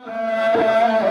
Ah!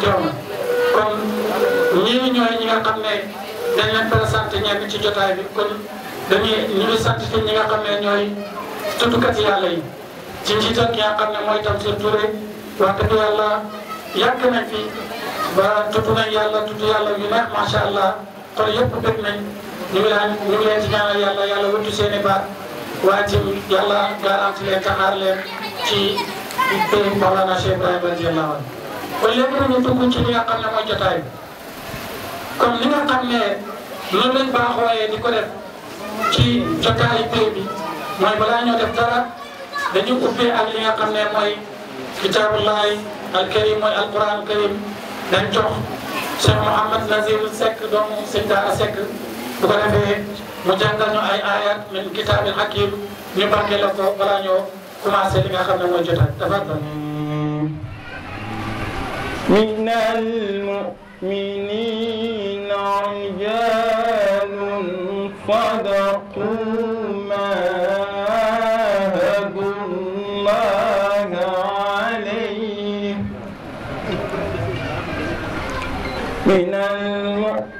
seen jom kon ñii ñooy ñi nga xam ne dañ leen présenté ñenn ci jotaay bi kon dañuy ñu ngi sant ci ñi nga xam ne ñooy tuddukat yàlla yi ci njiital ki nga xam ne mooy tam seen Touré wax dëgg yàlla yàgg nañ fi ba tudd nañ yàlla tudd yàlla yu neex macha allah xol yëpp bëgg nañ ñu ngi leen ñu ngi leen ci ñaanal yàlla yàlla wëttu seen i baat waaye ci yàlla garanti leen taxaar leen ci béy Mawlana Cheikh Ibrahima radiyallahu anhu ba léegi nag ñu ci li nga ne mooy jotaay bi comme li nga xam ne loolu lañ baaxooyee di ko def ci jotaayu pay bi mooy balaa ñoo def dara dañu ubbee ak li ne mooy kitaabullahi alkarim mooy alquran alkarim dañ Nazir Seck doomu Sëñ Daara Seck bu ko defee mu jàngal ñu ay ayat min kitaabil hakim ñu barkeeloo ko balaa ñoo commencé li nga ne mooy jotaay dafa من المؤمنين رجال صدقوا ما عاهدوا الله عليه من المؤمنين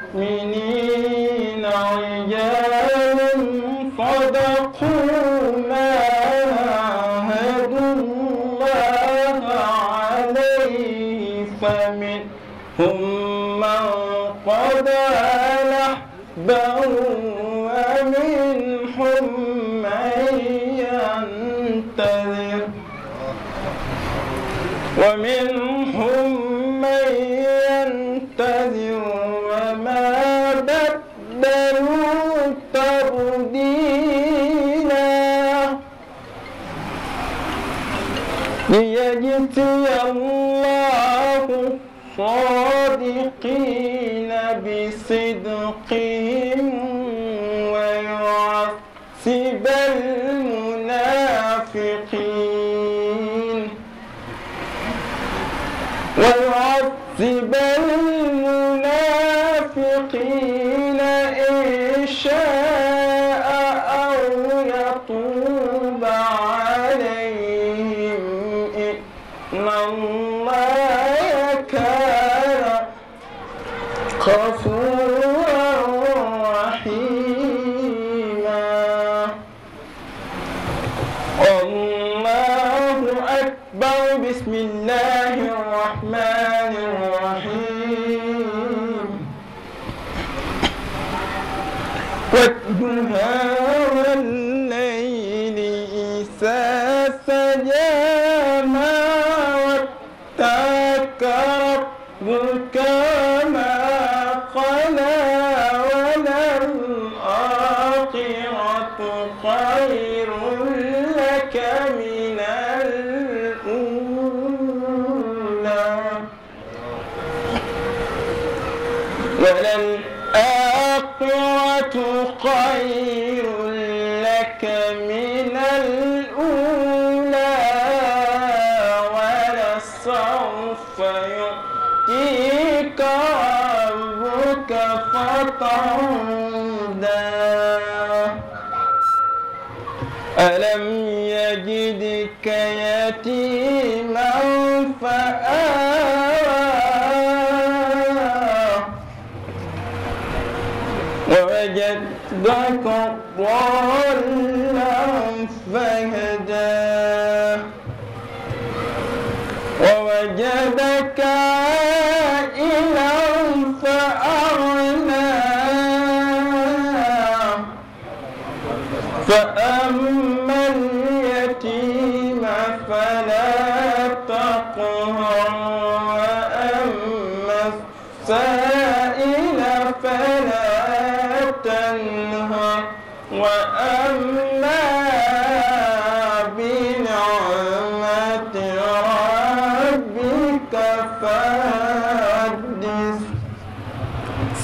ومن حمي ينتظر ومن حمي ينتظر وما بدلوا تبديلا ليجزي الله الصادقين بصدقهم ويعذب المنافقين ويعذب المنافقين هذا يتيما فآوى ووجدك ضالا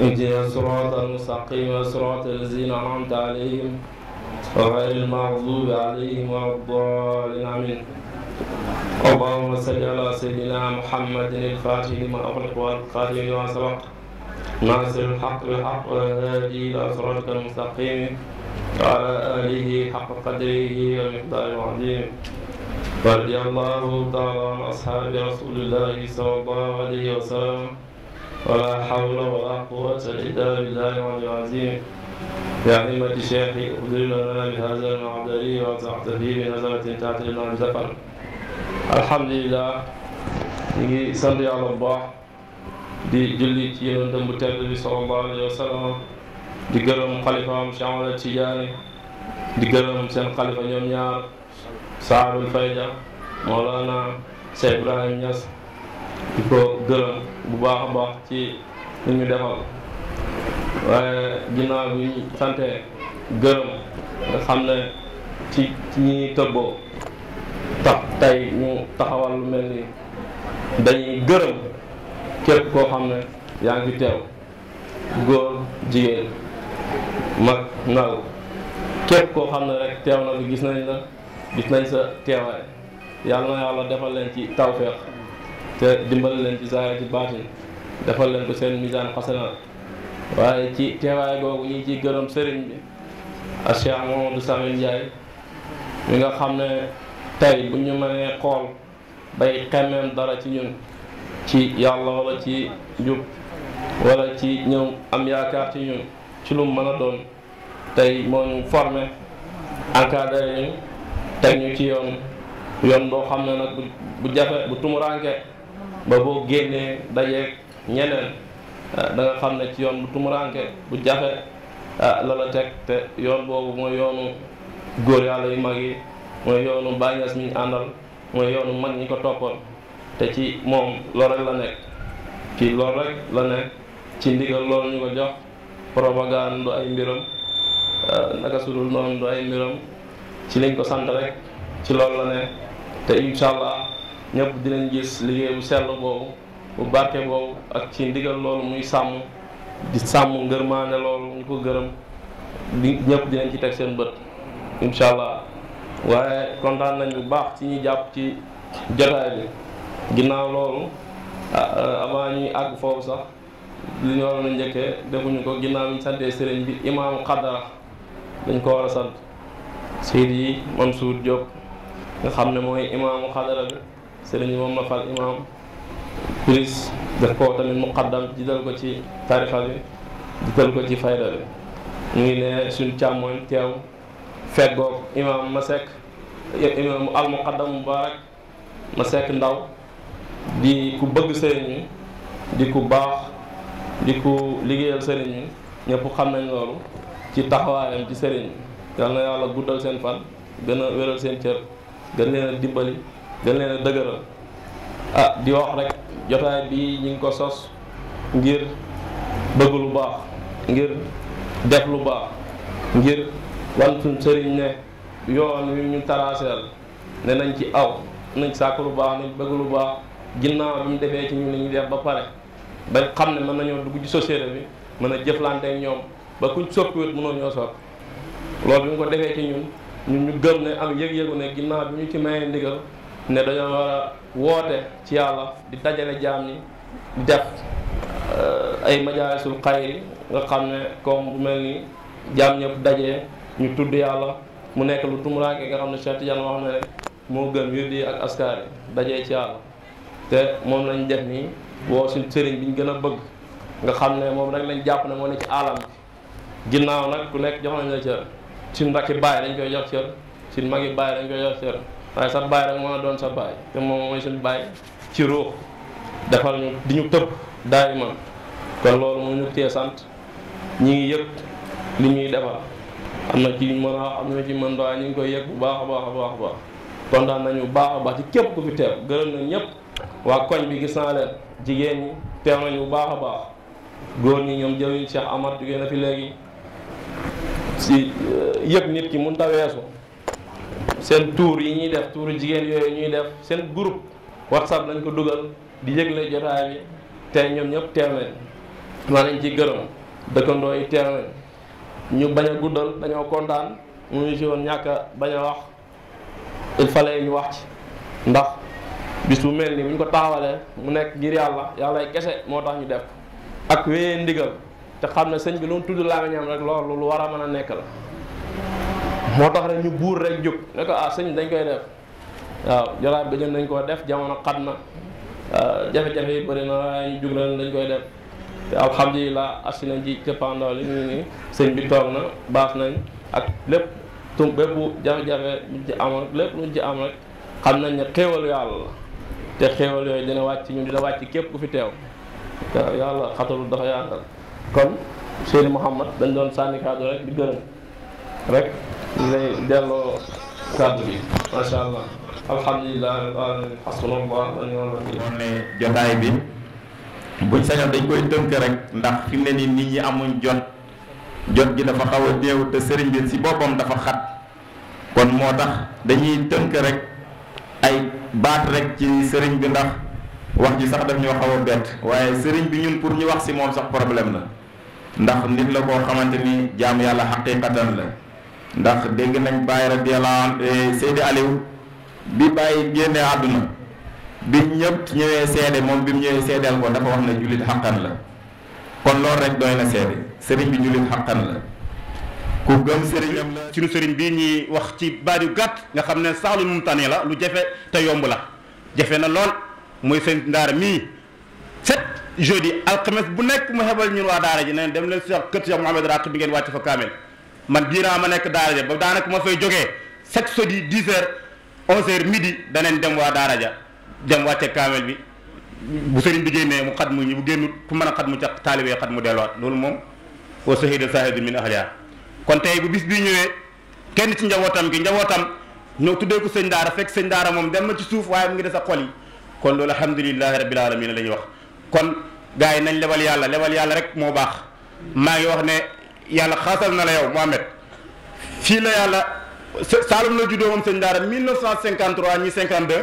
اهدنا صراط المستقيم صراط الذين أنعمت عليهم غير المغضوب عليهم ولا الضالين آمين اللهم صل على سيدنا محمد الفاتح لما أغلق والقادم لما سبق ناصر الحق بالحق والهادي إلى صراطك المستقيم وعلى آله حق قدره والمقدار العظيم رضي الله تعالى عن أصحاب رسول الله صلى الله عليه وسلم ولا حول ولا قوة إلا بالله العلي العظيم يا عمة الشيخ أبدل لنا بهذا المعدلي وتحت فيه بنظرة تحت لنا الحمد لله نجي صلي على الله دي جلي تيرن دم النبي صلى الله عليه وسلم دي قرم xalifaam Cheikh تجاني دي قرم gërëm seen يوم ñoom ñaar saarul مولانا سيد إبراهيم Ibrahim Niass قرم bu baax a baax ci li ñu defal waaye ginnaaw bi sante gërëm nga xam ne ci ñi tëbboo tax tey ñu taxawal lu mel ni dañuy gërëm képp koo xam ne yaa ngi fi teew góor jigéen mag ndaw képp koo xam ne rek teew na gis nañ la gis nañ sa teewaay yàlla yàlla defal leen ci tawféex te dimbal leen ci zaahir ci baatin defal leen ko seen misaan xasana waaye ci teewaay googu ñu ci ciy gërëm sëriñ bi ak Cheikh Mamadou Samin Ndiaye mi nga xam ne tey bu ñu mënee xool bay xemmeem dara ci ñun ci yàlla wala ci njub wala ci ñëw am yaakaar ci ñun ci lu mën a doon tey moo ñu formé ñu teg ñu ci yoon yoon boo xam ne nag bu jafe bu tumuranke ba boo génnee dajeeg ñeneen ah, da nga xam ne ci yoon bu tumuranke bu jafe ah, la teg te yoon boobu mooy yoonu góor yàlla yu mag yi mooy yoonu bàññees mi àndal mooy yoonu mag ñi ko toppoon te ci moom loolu rek la nekk ci loolu rek la nekk ci ndigal loolu ñu ko jox propagande du ay mbiram ah, naka sudul noonu du ay mbiram ci lañ ko sant rek ci loolu la nekk te incha ñëpp dinañ gis liggéey bu sell boobu bu barke boobu ak ci ndigal loolu muy sàmm di sàmm ngërmaane loolu ñu ko gërëm di ñëpp dinañ ci teg seen bët incha allah waaye kontaan nañ bu baax ci ñuy jàpp ci jotaay bi ginnaaw loolu ah, avant ñuy àgg foofu sax li ñu waroon a njëkkee defuñu ko ginnaaw ñu santee sëriñ bi imaamu xadara dañ ko war a sant Seydi Mansour Diop nga xam ne mooy imaamu xadara bi serigne mom la fal imam kuris daf ko tamit muqaddam Jidal ko ci tarixa bi jiital ko ci fayda bi ñu ngi ne chamoy tew imam masek imam al muqaddam mubarak masek ndaw di ku bëgg serigne di ku baax di ku liggéeyal serigne ñepp xam nañ lolu ci taxawaayam ci serigne yalla yalla guddal seen fan gëna wëral cër gën dimbali gën leen a dëgëral ah di wax rek jotaay bii ñu ngi ko sos ngir bëgg lu baax ngir def lu baax ngir wan suñ sëriñ ne yoon wi ñu taraaseel ne nañ ci aw nañ sàkk lu baax nañ bëgg lu baax ginnaaw bi mu defee ci ñu li ñuy def ba pare ba xam ne mën nañoo dugg ci société bi mën a jëflante ak ñoom ba kuñ soppiwut mënoo ñoo soppi loolu bi mu ko defee ci ñun ñu ñu gëm ne am yëg-yëgu ne ginnaaw bi ñu ci mayee ndigal ne dañoo war a woote ci yàlla di dajale jaam ni di def euh, ay majaalisul xayri nga xam ne comme bu mel ni jaam ñëpp dajee ñu tudd yàlla mu nekk lu tumuraanke nga xam ne Cheikh Tidiane wax na ne moo gën wird yi ak askar yi ci yàlla te moom lañ def nii woo suñ sëriñ biñ gën a bëgg nga xam ne moom rek lañ jàpp ne moo ne ci alam bi ginnaaw nag ku nekk jox nañ la cër suñ rakki bàyyi dañ koy jox cër suñ magi bàyyi dañ koy jox cër waaye sa baay rek moo doon sa baay te moom mooy suñu baay ci ruux defal ñu di ñu tëb daay man kon loolu mu ñu tee sant ñi ngi yëg li ñuy defal am na ci mën a am na ci mën doy ñu ngi koy yëg bu baax a baax a baax a baax kontaan baax a baax ci képp ku fi teew gërëm nañ ñëpp waa koñ bi gis naa leen jigéen ñi teew nañu bu baax a baax góor ñi ñoom jëwiñ Cheikh Amar jugee na fi léegi si yëg nit ki mun ta weesu sen tour yi ñi def tuuru jigen yoy ñuy def sen groupe whatsapp lañ ko duggal di yëgle jotaay bi té ñom ñëpp téwé nañ lañ ci gëreum dëkkandoo yi teew nañ ñu baña guddal dañoo kontaan mu ñu si woon ñàkk a wax il fallait ñu wax ci ndax bis bu mel ko taxawalee mu nek ngir yalla yalla ay kese moo tax ñu def ak wéyee ndigal te xamna señ bi lu tuddu la nga ñam rek loolu lu war a la moo tax rek ñu bur rek juk ne ah señ dañ koy def waaw jolaat ga ñu dañ ko def jamono xadna jafé jafé bari na ñu juk na dañ koy def te alhamdulilah assi nañ ci cëppaandaw li ñu ni señ bi tok na baas nañ ak lepp tum bepp jafe jafé luñ ci am rek lépp luñ ci am rek xamnañ nañ ne xéewal yalla la te xéewal yoy dina wacc ñu dina wacc képp ku fi tew waaw yàlla xatalul dafa yaatal kon Seydou muhammad dañ doon sànni kaddu rek di gërëm rek lay delloo kàddu bi macha allah alhamdulilah hasbunallah bi buñ sañoon dañ koy tënk rek ndax fi ne nit ñi amuñ jot jot gi dafa te bi dafa xat kon moo dañuy tënk rek ay baat rek ci sëriñ bi ndax wax ji sax daf ñoo xaw a bi ñun pour ñu wax si moom sax problème la ndax nit la koo xamante ni jaam yàlla la ndax deg nañ Baye radiyallahu anhu Seydi Aliou bi Baye génne aduna bi ñëpp ñëwé sédé mom bi ñëwé ñëwee ko dafa wax na julit haqqan la kon loolu rek doy na sédé sëriñ bi julit haqqan la ku gëm sëriñam la ci ñu sëriñ bi ñi wax ci baat gàtt nga xamné ne sax tane la lu jafe te yomb la jafe na lool moy sëriñ ndaara mi set jeudi alxames bu nek mu hebal ñun wa daara ji neen dem leen si kër Cheikh mohammed raq bi ngeen wàcc fa kamel man diiraa ma nekk daara ja ba daanaka ma fay jógee chaque jeudi dix heures onze heures midi danañ dem waa daara ja dem wàcce kaamel bi bu sëriñ bi génnee mu xat mu ñi bu génnut ku man a xat mu ca taalibee xat mu delluwaat loolu moom wa sahida sahidun min ahliha kon tey bu bis bii ñëwee kenn ci njabootam gi njawootam ñoo tuddee ko sëñ daara fekk sëñ daara moom dem ma ci suuf waaye mu ngi des a xol yi kon loolu alhamdulilahi rabbil alamin la ñuy wax kon gars yi nañ lebal yàlla lebal yàlla rek moo baax yàlla xaasal na la yow Mohamed fii la yàlla Saalum la juddoo moom sëñ daara mille 1953 ñi 52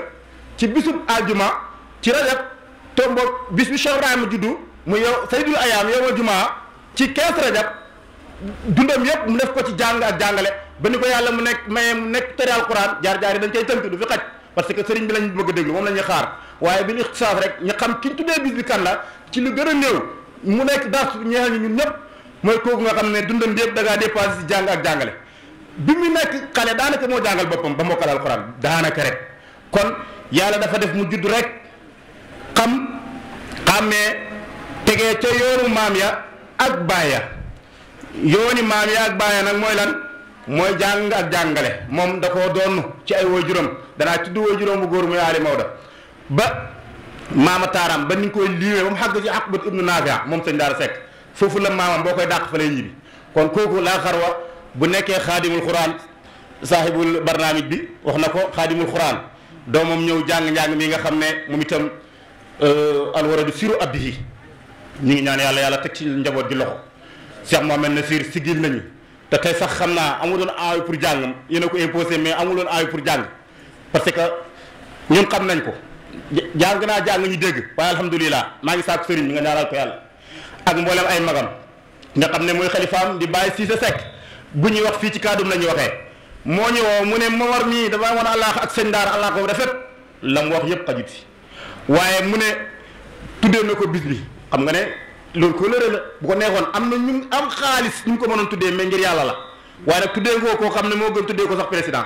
ci bisub aljuma ci rajab tomboog bis bi Cheikh Ibrahima juddu mu yow saydul ayaam yow a jumaa ci 15 rajab dundam yëpp mu def ko ci jàng ak jàngale ba ni ko yàlla mu nekk maye mu nekk tëri alquran jaar-jaar yi dañ koy tënk du fi xaj parce que sëriñ bi lañ bëgg a déglu moom la xaar waaye bi ñu rek ñu xam ki ñu tuddee bis bi gën a néew mu nekk mooy kooku nga xam ne dundam bi yëpp da ngaa si jàng ak jàngale bi mu nekk xale daanaka moo jàngal boppam ba mokkal alxuraan daanaka rek kon yàlla dafa def mu judd rek xam xàmmee tegee ca yoonu maam ya ak baaya yooni maam ya ak baaya nag mooy lan mooy jàng ak jàngale moom da koo doon ci ay waajuram danaa tudd waajuram mu góor muy Ali Maodo ba maama taaram ba ni nga koy liimee ba mu xàgg ci bët ibnu Naafi moom sëñ Daara sekk foofu la maamam boo koy dàq fa lay ñibbi kon kooku laa xarwa bu nekkee xaadimul xuraan saahibul barnaamij bi wax na ko xaadimul xuraan doomam ñëw jàng-njàng mi nga xam ne moom itam alwaradu siru abdihi ñu ngi ñaan yàlla yàlla teg ci njaboot gi loxo Cheikh Mohamed Nasir sigil nañu te tey sax xam naa amuloon aayu pour jàng yéen a ko imposé mais amuloon aayu pour jàng parce que ñun xam nañ ko jàng naa jàng ñu dégg waaye alhamdulilah maa ngi saako sëriñ mi nga ñaanal ko yàlla ak mboolem ay magam nga xam ne muy xalifaam di bàyyi sa Seck bu ñuy wax fii ci kaadum la ñuy waxee moo ñëwoo mu ne Momar mii dafa wan àllaax ak sëñ Daara àllaax ko rafet la mu wax yëpp xajut si waaye mu ne tuddee na ko bis bi xam nga ne loolu ko lëre la bu ko neexoon am na ñu am xaalis ñu ko mënoon tuddee mais ngir yàlla la waaye nag tuddee ko koo xam ne moo gën tuddee ko sax président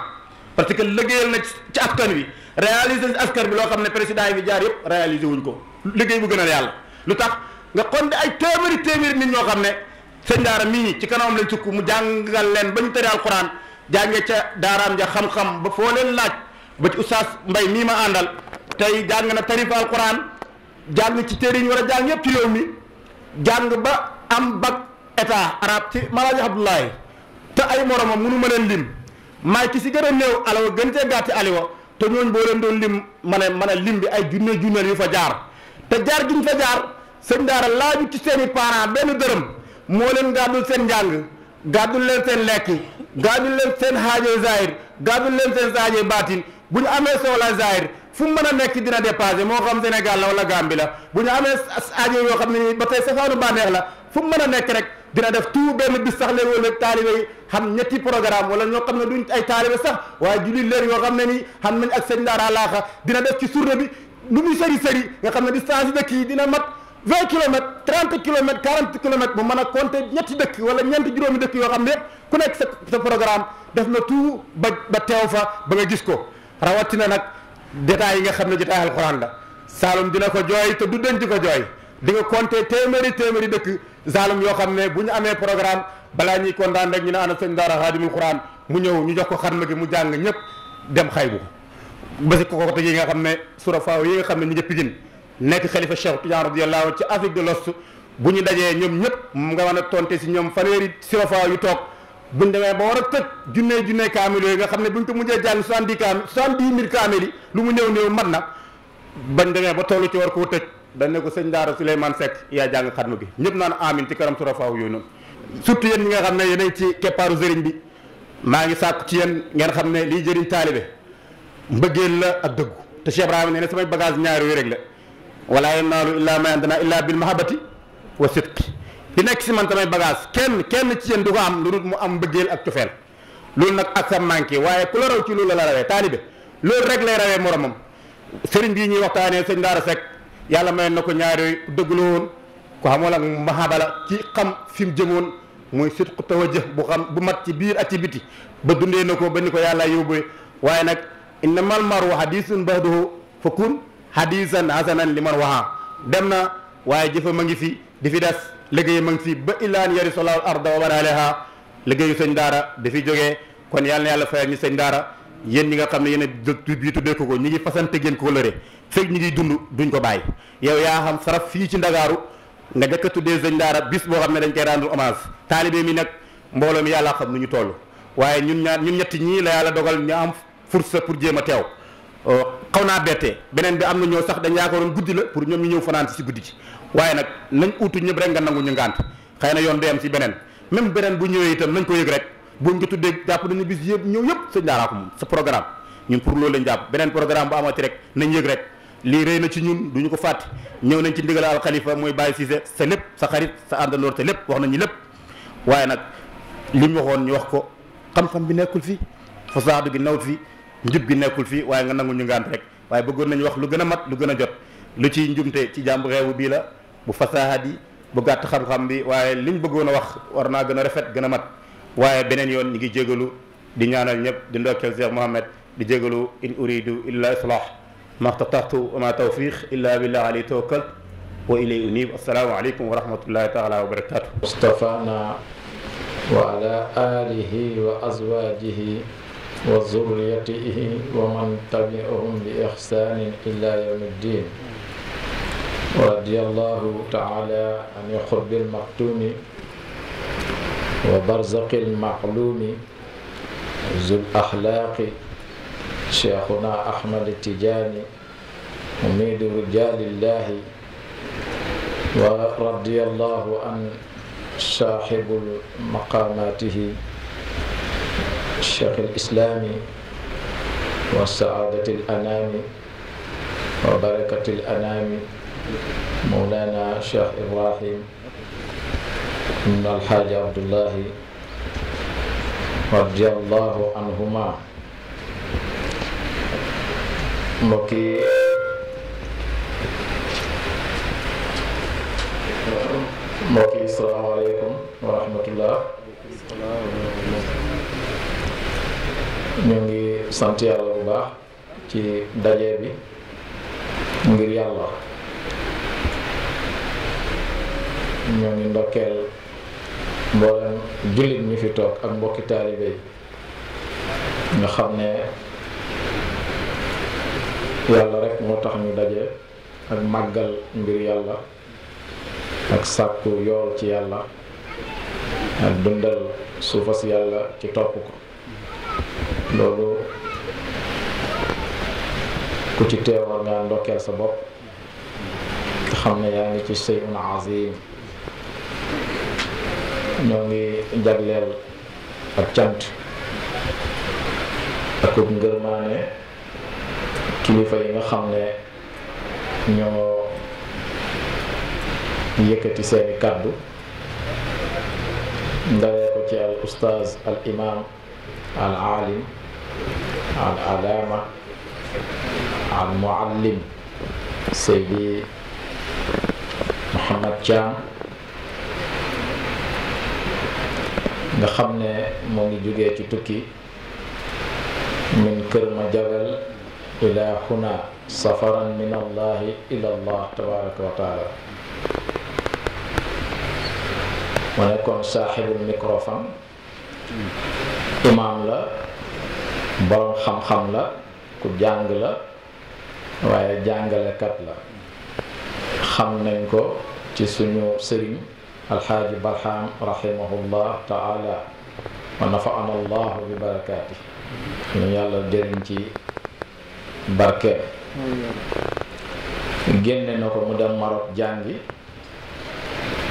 parce que liggéeyal na ci askan wi réaliser askan bi loo xam ne président yi jaar yëpp réaliser wuñ ko liggéey bu gënal yàlla nga kon di ay téeméeri téeméeri nit ñoo xam ne sëñ daara mii ci kanam lañ sukk mu jàngal leen ba ñu tëri alquran ca daaraam ja xam ba foo laaj ba ci oustaz mbay mii ma àndal tey jàng na tarif alquran jàng ci téere yi ñu war a jàng yëpp ci réew mi jàng ba am bac état arab ci malaaji abdoulaye te ay moromam mënu ma leen lim maay ki si gën a néew alawa gën cee gàtti aliwa te ñooñ boo leen doon lim ma lim bi ay junne junneel yu fa jaar te jaar giñ fa jaar sëñ daara laaju ci seen i parents benn dërëm moo leen gadul seen njàng gàddul leen seen lekk gàddul leen seen xaaje zahir gàddul leen seen xaaje baatin bu ñu amee soxla zahir fu mu mën dina dépassé moo xam Sénégal la wala Gambie la bu ñu amee aajo yoo xam ne nii ba tey safaanu bànneex la fu mu mën a rek dina def tout benn bis sax le wala taalibe yi xam ñetti programme wala ñoo xam ne duñ ay taalibe sax waaye jullit leen yoo xam ne nii xam nañ ak sëñ daara laaxa dina def ci surne bi lu muy sëri sëri nga xam ne distance dëkk yi dina mat vingt kilomètres trente kilomètres quarante kilomètres mu mën a compter ñetti dëkk wala ñeenti juróomi dëkk yoo xam ne ku nekk sa sa programme def na tout ba ba teew fa ba nga gis ko rawatina nag détails yi nga xam ne jotaay alxuraan la Saalum dina ko jooy te du denc ko jooy di nga compter téeméeri téeméeri dëkk Saalum yoo xam ne bu ñu amee programme balaa ñuy kontaan ñu ne ana sëñ daara xaadimul xuraan mu ñëw ñu jox ko xarma gi mu jàng ñëpp dem xaybu ba si ko ko teg yi nga xam ne sura faaw yi nga xam ne ñu ngi Pikine nekk xalifa Cheikh Tidiane radiyallahu ci Afrique de l'Ouest bu ñu dajee ñoom ñëpp nga mën a tonte si ñoom fanweeri sirofa yu toog buñ demee ba war a tëj junne junne kaamil yooyu nga xam ne buñ ko mujjee jàng soixante-dix kaamil soixante-dix mille kaamil yi lu mu néew néew mat na bañ demee ba tollu ci war koo tëj dañ ne ko sëñ Daara Souleymane Seck yaa jàng xatma bi ñëpp naan amin ci karam sirofa yooyu noonu surtout yéen ñi nga xam ne yéenay ci keppaaru sëriñ bi maa ngi sàkku ci yéen ngeen xam ne liy jëriñ taalibe mbëggeel la ak dëggu te Cheikh Ibrahima nee na samay bagage ñaar yooyu la ولا ينال الا ما عندنا الا بالمحبه والصدق دي نيك سي مان تامي باغاس كين كين تي ندوغو ام لودو مو ام بجيل اك توفال لول ناك اسا مانكي واي كولا رو تي لول لا راوي طالب لول ريك لي راوي مورامم سيرين بي ني وقتاني سيرين دار سك يالا ماي نكو نياري دغلون كو حمول اك محبه لا تي خم فيم جيمون موي صدق توجه بو خم بو مات تي بير اتي بيتي با دوندي نكو انما المرء حديث بعده فكون hadisan hasanan li man waxaa dem na waaye jëfa ma ngi fi di fi des liggéey ma ngi fi ba illaan yari solal arda wa man alayha liggéeyu sëñ daara di fi kon yàlla yàlla fayal ñu sëñ daara yéen ñi nga xam ne yéen a bii tuddee ko ko ñi ngi fasante géen ko lëre fekk ñi ngi dund duñ ko bàyyi yow yaa xam saraf fii ci ndagaaru nga jëkk tuddee sëñ daara bis boo xam ne dañ koy rendre hommage taalibe mi nag mbooloo mi yàlla xam nu ñu toll waaye ñun ñaar ñun ñetti ñii la yàlla dogal ñu am force pour jéem a teew xaw naa bettee beneen bi am na ñoo sax dañ ko yaakaaroon guddi la pour ñoom ñu ñëw fanaan si guddi ci waaye nag nañ uutu ñëpp rek nga nangu ñu ngànt xëy na yoon day am si beneen même beneen bu ñëwee itam nañ ko yëg rek buñ ko tuddee jàpp nañu bis yëpp ñëw yëpp sëñ daaraa ko sa programme ñun pour loolu lañ jàpp beneen programme bu amati rek nañ yëg rek lii rey na ci ñun duñu ko fàtte ñëw nañ ci ndigal al xalifa mooy bàyyi Cissé sa lépp sa xarit sa àndandoor sa lépp wax nañu lépp waaye nag li mu waxoon ñu wax ko xam bi nekkul fii fasaadu gi nawut fii njub gi nekkul fii waaye nga nangu ñu ngànt rek waaye bëggoon nañu wax lu gën a mat lu gën a jot lu ci njumte ci jàmb réew bii la bu fasahaat yi bu gàtt xam-xam bi waaye liñ bëggoon a wax war naa gën a rafet gën a mat waaye beneen yoon ñi ngi jégalu di ñaanal ñëpp di ndokkeel Cheikh Mohamed di jégalu in uridu illa islah maxtataxtu wa ma tawfiq illa billah la tawakkal wa ilay unib assalaamu aleykum wa rahmatullahi taala wa barakatuh mustafana wa ala alihi wa azwajihi وذريته ومن تبعهم بإحسان إلى يوم الدين ورضي الله تعالى عن يخرب المكتوم وبرزق المعلوم ذو الأخلاق شيخنا أحمد التجاني أميد رجال الله ورضي الله عن صاحب مقاماته الشيخ الإسلامي وسعادة الأنام وبركة الأنام مولانا الشيخ إبراهيم من الحاج عبد الله رضي الله عنهما مكي مكي السلام عليكم ورحمة الله ñu sante yalla bu baax ci daje bi ngir yalla ñu ndokel mbolam julit ñi fi tok ak mbokki talibé nga xamné yalla rek mo tax ñu daje ak magal ngir yalla ak sakku yool ci yalla ak dundal suufas yalla ci top ko loolu ku ci teewal nga ndokkeel sa bopp nga xam ne yaa ngi ci shay'un azim ñoo ngi jagleel ak cant ak ngërmaane kilifa yi nga xam ne ñoo yëkkati seeni kàddu ndalee ko ci al ustaaz al imam al aalim عن علامة عن معلم سيدي محمد جام دا خامني موغي جوغي تي توكي من كرم جبل الى هنا سفرا من الله الى الله تبارك وتعالى ونكون صاحب الميكروفون امام لا borom xam-xam la ku jàng la waaye jàngalekat la xam nañ ko ci suñu sëriñ alxaaji barham rahimahullah taala wa nafaana allahu bi barakaati ñu yàlla jëriñ ci barkeem génne na ko mu dem Maroc jàngi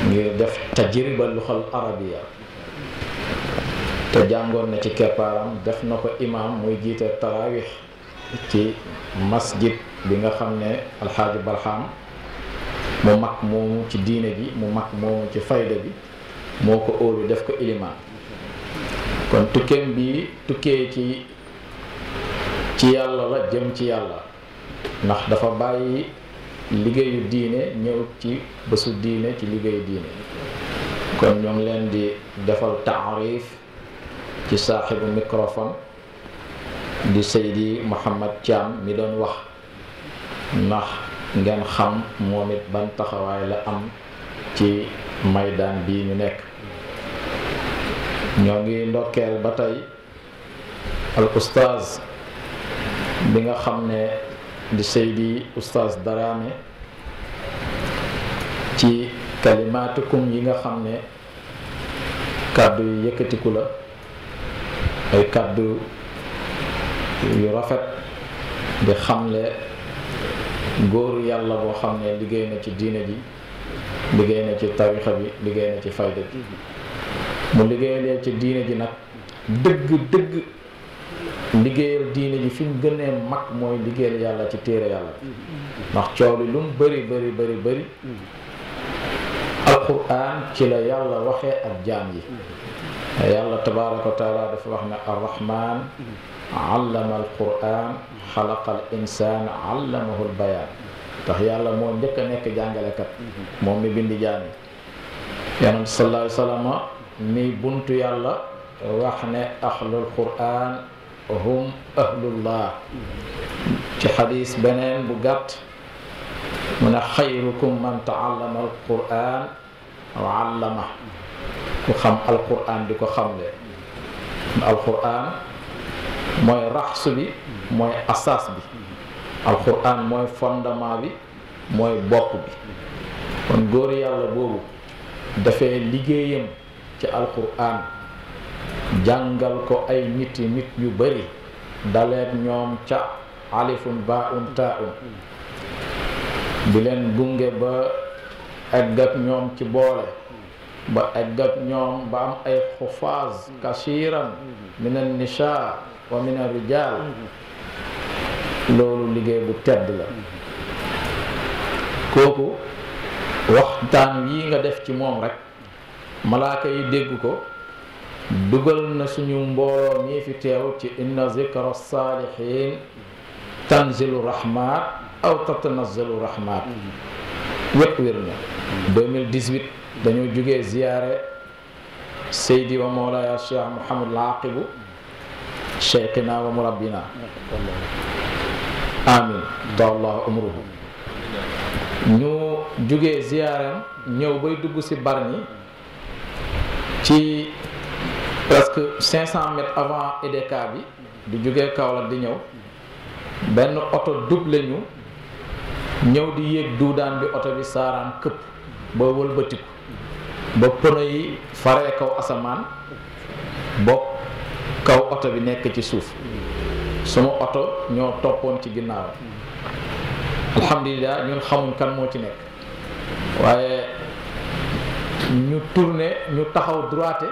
ngir def tajriba luxal arabiya te jangon na ci keppaaram def nako ko muy jiite tarawih ci masjid bi nga xam ne hadj barham mo mak mo ci diine bi mo mak mo ci fayda bi moko ko def ko ilima kon tukem bi tuké ci ci yalla la jëm ci yalla ndax dafa bayyi ligéyu diine ñew ci bésu diine ci ligéyu diine kon ñom leen di defal taarif ci saaxibu microphone di Seydi Mouhamad Thiam mi doon wax ndax ngeen xam moom it ban taxawaay la am ci maydaan bii ñu nekk ñoo ngi ndokkeel ba tey al oustaz bi nga xam ne di Seydi oustaz Darame ci kalimaatukum yi nga xam ne kàddu yi yëkkatiku la ay kàddu yu rafet di xamle góoru yàlla boo xam ne liggéey na ci diine ji liggéey na ci tarixa bi liggéey na ci fayda bi mu liggéeyalee ci diine ji nag dëgg dëgg liggéeyal diine ji fi mu gënee mag mooy liggéeyal yàlla ci téere yàlla ndax coow li lu mu bëri bëri bëri bëri mm. ci la yàlla waxe ak jaam yi يالله تبارك وتعالى دفعنا الرحمن علم القرآن خلق الإنسان علمه البيان تخي الله مو نك نك جانجلك مو مي بندي جاني يا صلى الله عليه وسلم مي بنت يالله وحنا أهل القرآن هم أهل الله في حديث بنان بقت من خيركم من تعلم القرآن وعلمه ku xam alquran di ko xamle alquran mooy raxsu bi mooy asaas bi alquran mooy fondement bi mooy bopp bi kon góor yàlla boobu dafay liggéeyam ci alquran jàngal ko ay nit yi nit yu bari daleet ñoom ca alifun baaun taaun di leen gunge ba egg ak ñoom ci boole ba egg ak ñoom ba am ay xufaas kasiran min an wa min ar loolu liggéey bu tedd la kooku waxtaan yi nga def ci moom rekk malaaka yi dégg ko dugal na suñu mbooloo mii fi teew ci inna zikra saalihin tanzilu rahmat aw tatanazalu rahmat wépp mm-hmm. wér na mm-hmm. dañoo jugee ziyaare seydi wa moolaya cheikh mouhamadul aqibu cheikhina wa murabbina amin tawallahu umruhu ñu jugee ziyaaram ñëw bay dugg ci Bargny ci presque cinq cent avant EDK bi du jugee Kaolack di ñëw benn oto double ñu ñëw di yéeg duudaan bi oto bi saaraan këpp ba wëlbatiku ba pono yi faree kaw asamaan bokk kaw oto bi nekk ci suuf suma oto ñoo toppoon ci ginnaaw alhamdulilah ñun xamuñ kan moo ci nekk waaye ñu tourné ñu taxaw droite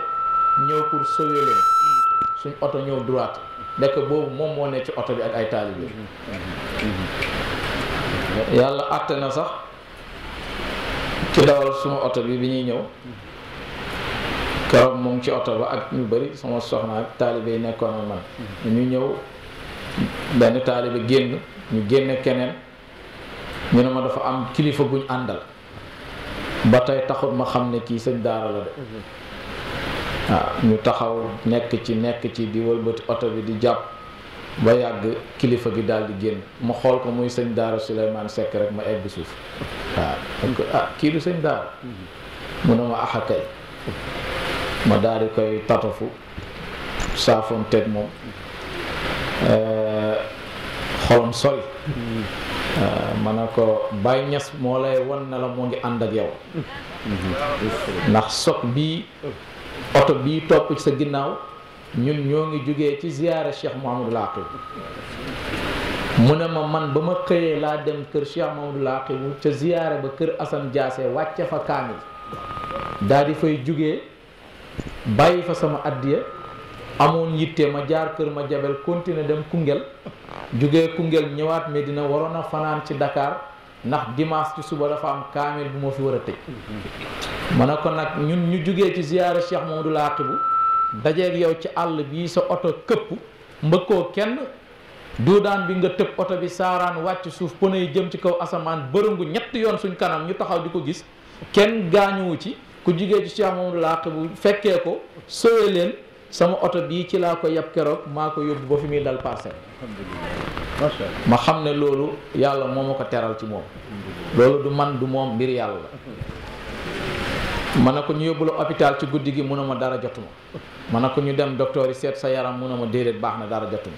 ñëw pour sauver leen suñ oto ñëw droite nekk boobu moom moo ne ci oto bi ak ay taalibe mhm. yàlla àtte na sax ki dawal suma oto bi bi ñuy ñëw keroog mu ci oto ba ak ñu bari sama soxna ak nekkoon ak man mm-hmm. ñu ñëw benn taalibe génn ñu génne keneen ñu ne ma dafa am kilifa guñ àndal ba tey taxut ma xam ne kii sëñ daara la de mm-hmm. waaw ñu taxaw nekk ci nekk ci di wëlbati oto bi di jàpp ba yàgg kilifa gi daal di génn mu xool ko muy sëñ daara Souleymane Seck rek ma egg suuf waaw dañ ko ah kii du sëñ daara mu ne ma axa ah, kay ma daal koy tatafu saafoon teg moom euh, xolom sori euh, ma ne ko Baye Niass moo lay wan na moo ngi ànd ak yow mm-hmm. ndax soog bii oto bii topp sa ginnaaw ñun ñoo ngi jógee ci ziyaara Cheikh Mouhamadul Aqib mu ne ma man ba ma xëyee laa dem kër Cheikh Mouhamadul Aqib ca ziyaara ba kër Assane Diassé wàcce fa kaamil daal di fay jóge bàyyi fa sama addiya amoon yitte ma jaar kër ma jabel continuer dem Koungheul jógee Koungheul ñëwaat mi dina waroon a fanaan ci dakaar ndax dimaas ci suba dafa am kaamil bu ma fi war a tëj ma ne ko nag ñun ñu jógee ci ziyaara Cheikh Mouhamadul Aqib dajeeg yow ci àll bii sa oto këpp mbëkkoo kenn duudaan bi nga tëb oto bi saaraan wàcc suuf pono yi jëm ci kaw asamaan bërëngu ñett yoon suñ kanam ñu taxaw di ko gis kenn gaañuwu ci ku jigee ci Cheikh Mamadou Laqe bu fekkee ko sowee leen sama oto bii ci laa ko yab keroog maa ko yóbbu ba fi muy dal parcelle ma xam ne loolu yàlla moom ma ko teral ci moom loolu du man du moom mbir yàlla la ma ne ko ñu yóbbu la hôpital ci guddi gi mënuma dara jotuma ma ne ko ñu dem docteur yi seet sa yaram mu ne ma déedéet baax na dara jotul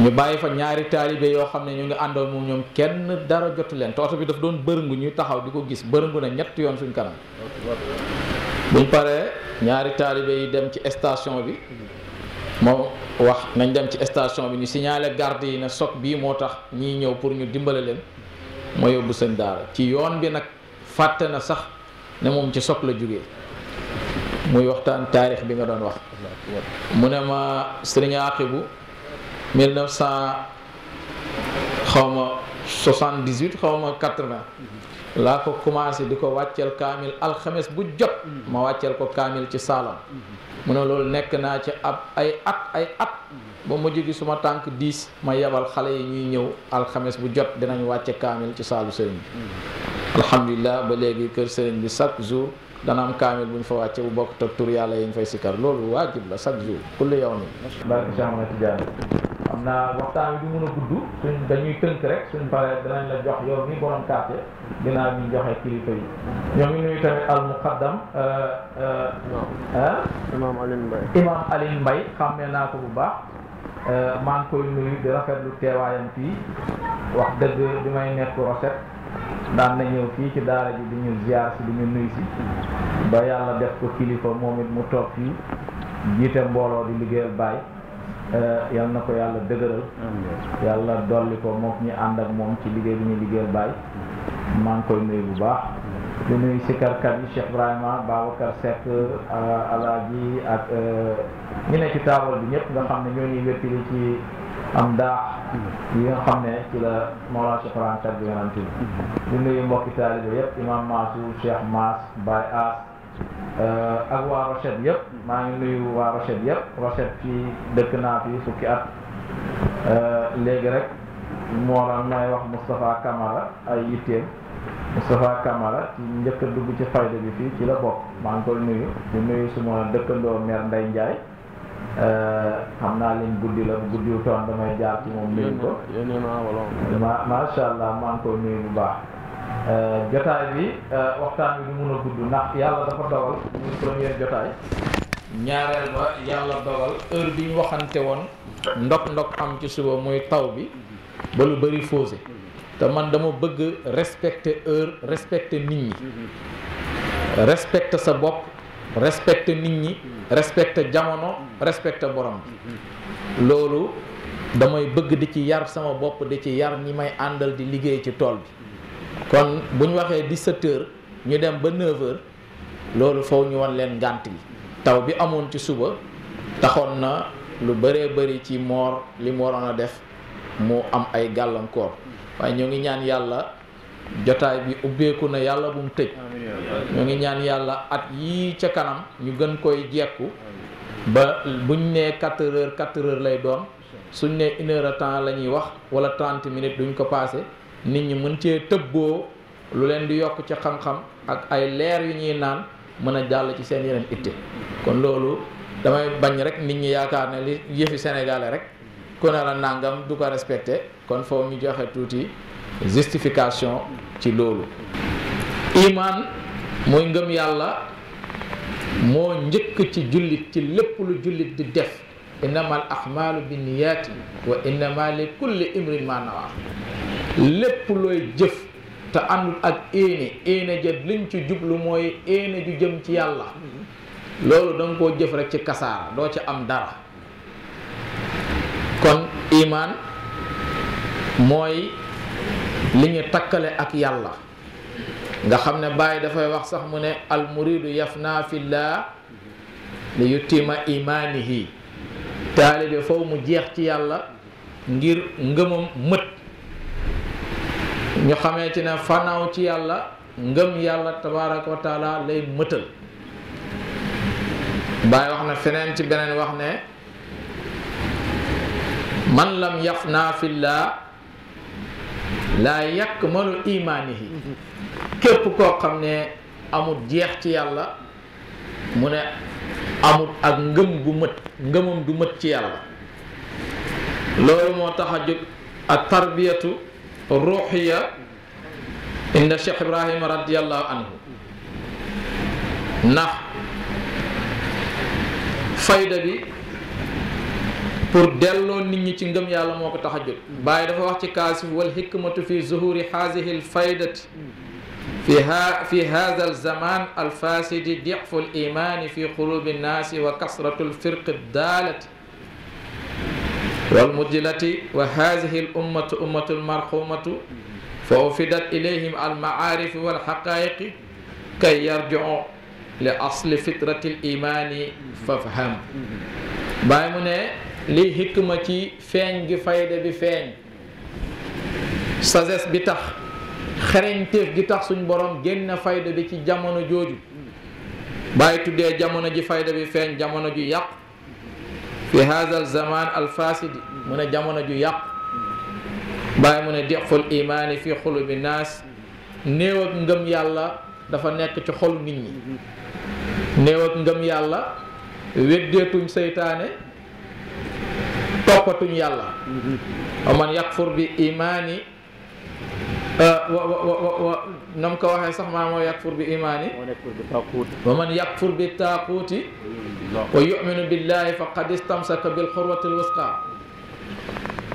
ñu bàyyi fa ñaari taalibe yoo xam ne ñu ngi àndoon moom ñoom kenn dara jotu leen te bi daf doon bërëngu ñuy taxaw di ko gis bërëngu na ñett yoon suñ kanam buñ paree ñaari taalibe yi dem ci station bi moom wax nañ dem ci station bi ñu siñaale garde yi ne choc bii moo tax ñiy ñëw pour ñu dimbale leen ma yóbbu seen daara ci yoon bi nag fàtte na sax ne moom ci choc la jógee muy waxtaan taarix bi nga doon wax mu ne ma sëriñ Aqibu 1900 xaw ma 78 xaw ma 80 laa ko commencé di ko wàcceel kaamil alxames bu jot ma wàcceel ko kaamil ci saalam mu ne loolu nekk naa ci ab ay at ay at ba mujj gi suma tànk diis ma yebal xale yi ñuy ñëw alxames bu jot dinañ wàcce kaamil ci saalu sëriñ bi alhamdulilah ba léegi kër sëriñ bi chaque jour dana am kaamil bu ñu fa wàcce bu bokk toog tur yàlla yi ñu fay sikkar loolu waajib la chaque jour kulli yow nii barke Cheikh Ahmed Tidiane xam naa waxtaan bi mën a gudd suñ dañuy tënk rek suñ paree danañ la jox yow mi borom quartier dinaa ñu joxe kilifa yi ñoo ngi nuyu tamit al muqaddam euh, euh, imaam Alioune Mbaye xàmmee naa ko bu baax euh, maa ngi koy nuyu di rafetlu teewaayam fii wax dëgg bi may nekk recette daan na ñëw fii ci daara ji di ñu ziar si di ñu nuy si ba yàlla def ko kilifa moom it mu toog fii jiite mbooloo di liggéeyal baay eh, yal na ko yàlla dëgëral yàlla dolli ko moom ñi ànd ak moom ci liggéey bi ñuy liggéeyal baay maa ngi koy nuyu bu baax di nuyu sikarkat yi Cheikh Ibrahima Babacar Seck eh, alaaji ak eh, ñi ne ci taabal bi ñëpp nga xam ne ñoo ñuy wéttali ci Anda daax yi nga xam ne ci la Mawlana Cheikh Ibrahim tagg yonante bi di nuyu mbokki taalibe yëpp imam Mansour Cheikh Mass Baye As ak waa Rochette yëpp maa ngi nuyu waa Rochette yëpp Rochette fii dëkk naa fii fukki at léegi rek moo may wax Moustapha Camara ay yitteem Moustapha ci njëkk dugg ci fayda bi fii ci la bokk maa ngi koy nuyu di nuyu suma dëkkandoo Euh, xam naa liñ guddi la bu guddi toon damay jaar ci moom nuyu ko ma macha allah maa ngi bu baax euh, jotaay bi euh, waxtaan bi du mun a gudd na yàlla dafa dogal muy première jotaay ñaareel ba yàlla dogal heure bi ñu waxante woon ndok ndok am ci suba muy taw bi ba lu bëri fausé te man dama bëgg respecter heure respecter nit ñi respecter sa bopp respecte nit ñi respecté jamono respecte borom bi loolu damay bëgg di ci yar sama bopp di ci yar ñi may àndal di liggéey ci tool bi kon bu ñu waxee 17 heures ñu dem ba 9 heures loolu faw ñu wan leen ngànt taw bi amoon ci suba taxoon na lu bëree bëri ci moor li mu waroon def mo am ay gàllankoor waaye ñoo ngi ñaan yàlla jotaay bi ubbeeku na yàlla bu mu tëj ñu ngi ñaan yàlla at yii ca kanam ñu gën koy jekku ba buñ nee quatre heures quatre heures lay doon suñ nee une heure temps la ñuy wax wala trente minutes duñ ko passé nit ñi mën cee tëbboo lu leen di yokk ca xam-xam ak ay leer yu ñuy naan mën a jàll ci seen yeneen itte kon loolu damay bañ rek nit ñi yaakaar ne li yëfi sénégalais rek ku ne la nangam du ko respecté kon foofu ñu joxe tuuti justification ci loolu imaan muy ngëm yàlla moo njëkk ci jullit ci lépp lu jullit di def innamal axmaalu bi niyaati wa innama kulli imrin ma nawa lépp looy jëf te àndul ak éene éene ja liñ ci jublu mooy éene ju jëm ci yàlla loolu da nga jëf rek ci kasaara doo ci am dara kon imaan mooy li ñu takkale ak yàlla nga xam ne bàyyi dafay wax sax mu ne naa muridu yafna fillah li yutima imaanihi taalibe foofu mu jeex ci yàlla ngir ngëmam mët ñu xamee ci ne fanaaw ci yàlla ngëm yàlla tabaraka wa taala lay mëtal bàyyi wax na feneen ci beneen wax ne man lam yafna fillah laa yakmalu imaanihi képp koo xam ne amul jeex ci yàlla mu ne amul ak ngëm gu mët ngëmam du mët ci yàlla loolu moo tax a jóg ak tarbiyatu ruuxiya inda Cheikh Ibrahima radiallahu anhu ndax fayda bi pour delo nit ñi ci ngëm yàlla moko taxajul baye dafa wax ci kaasif wal hikmatu fi zuhuri haasihi al faydat fi fi al zaman al fasid difu al iman fi qulubi nas wa kasratu firq al dalat wal mujlati wa haadihi al ummatu ummatu al marxumatu fa ufidat ilayhim al ma'arif wal haqa'iq kay yarjiu li asli fitrati l imaani fafham baye mu ne li hikma ci feñ gi fayda bi feñ sagesse bi tax xereñteef gi tax suñ borom génn fayda bi ci jamono joju baye tuddé jamono ji fayda bi feñ jamono ju yàq fi hadha zaman al fasid mu jamono ju yàq baye mu ne iman imaani fi xulubi nas néew ak ngam yàlla dafa nek ci xol nit ñi néew ak ngam yàlla weddetuñ seytane toppatuñ yàlla mm-hmm. wa man yakfur bi imaani euh, na mu ko waxee sax maa moo yakfur bi imaani wa man yakfur bi taaquuti mm-hmm. wa yuminu billahi faqad istamsaka bil xurwati lwusqa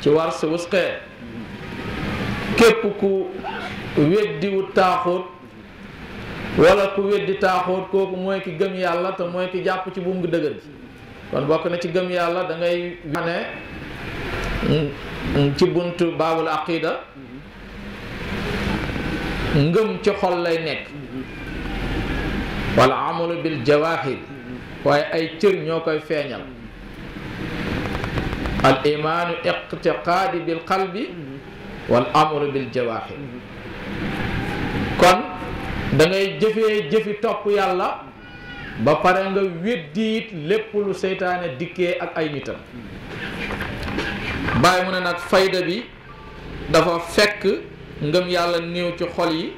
ci war si wusqee mm-hmm. képp ku weddiwu taaxut wala ku weddi taaxut kooku mooy ki gëm yàlla te mooy ki jàpp ci bu gi dëgër gi kon bokk na ci gëm yàlla dangay ngay wane ci buntu baabul aqida ngëm ci xol lay nekk wala waaye ay cër ñoo koy feeñal al imaanu iqtiqaadi bil qalbi wal amalu bil jawahir kon da jëfee jëfi topp yàlla ba pare nga weddi it lépp lu seytaane dikkee ak ay nitam bàyyi mu ne nag fayda bi dafa fekk ngëm yàlla néew ci xol yi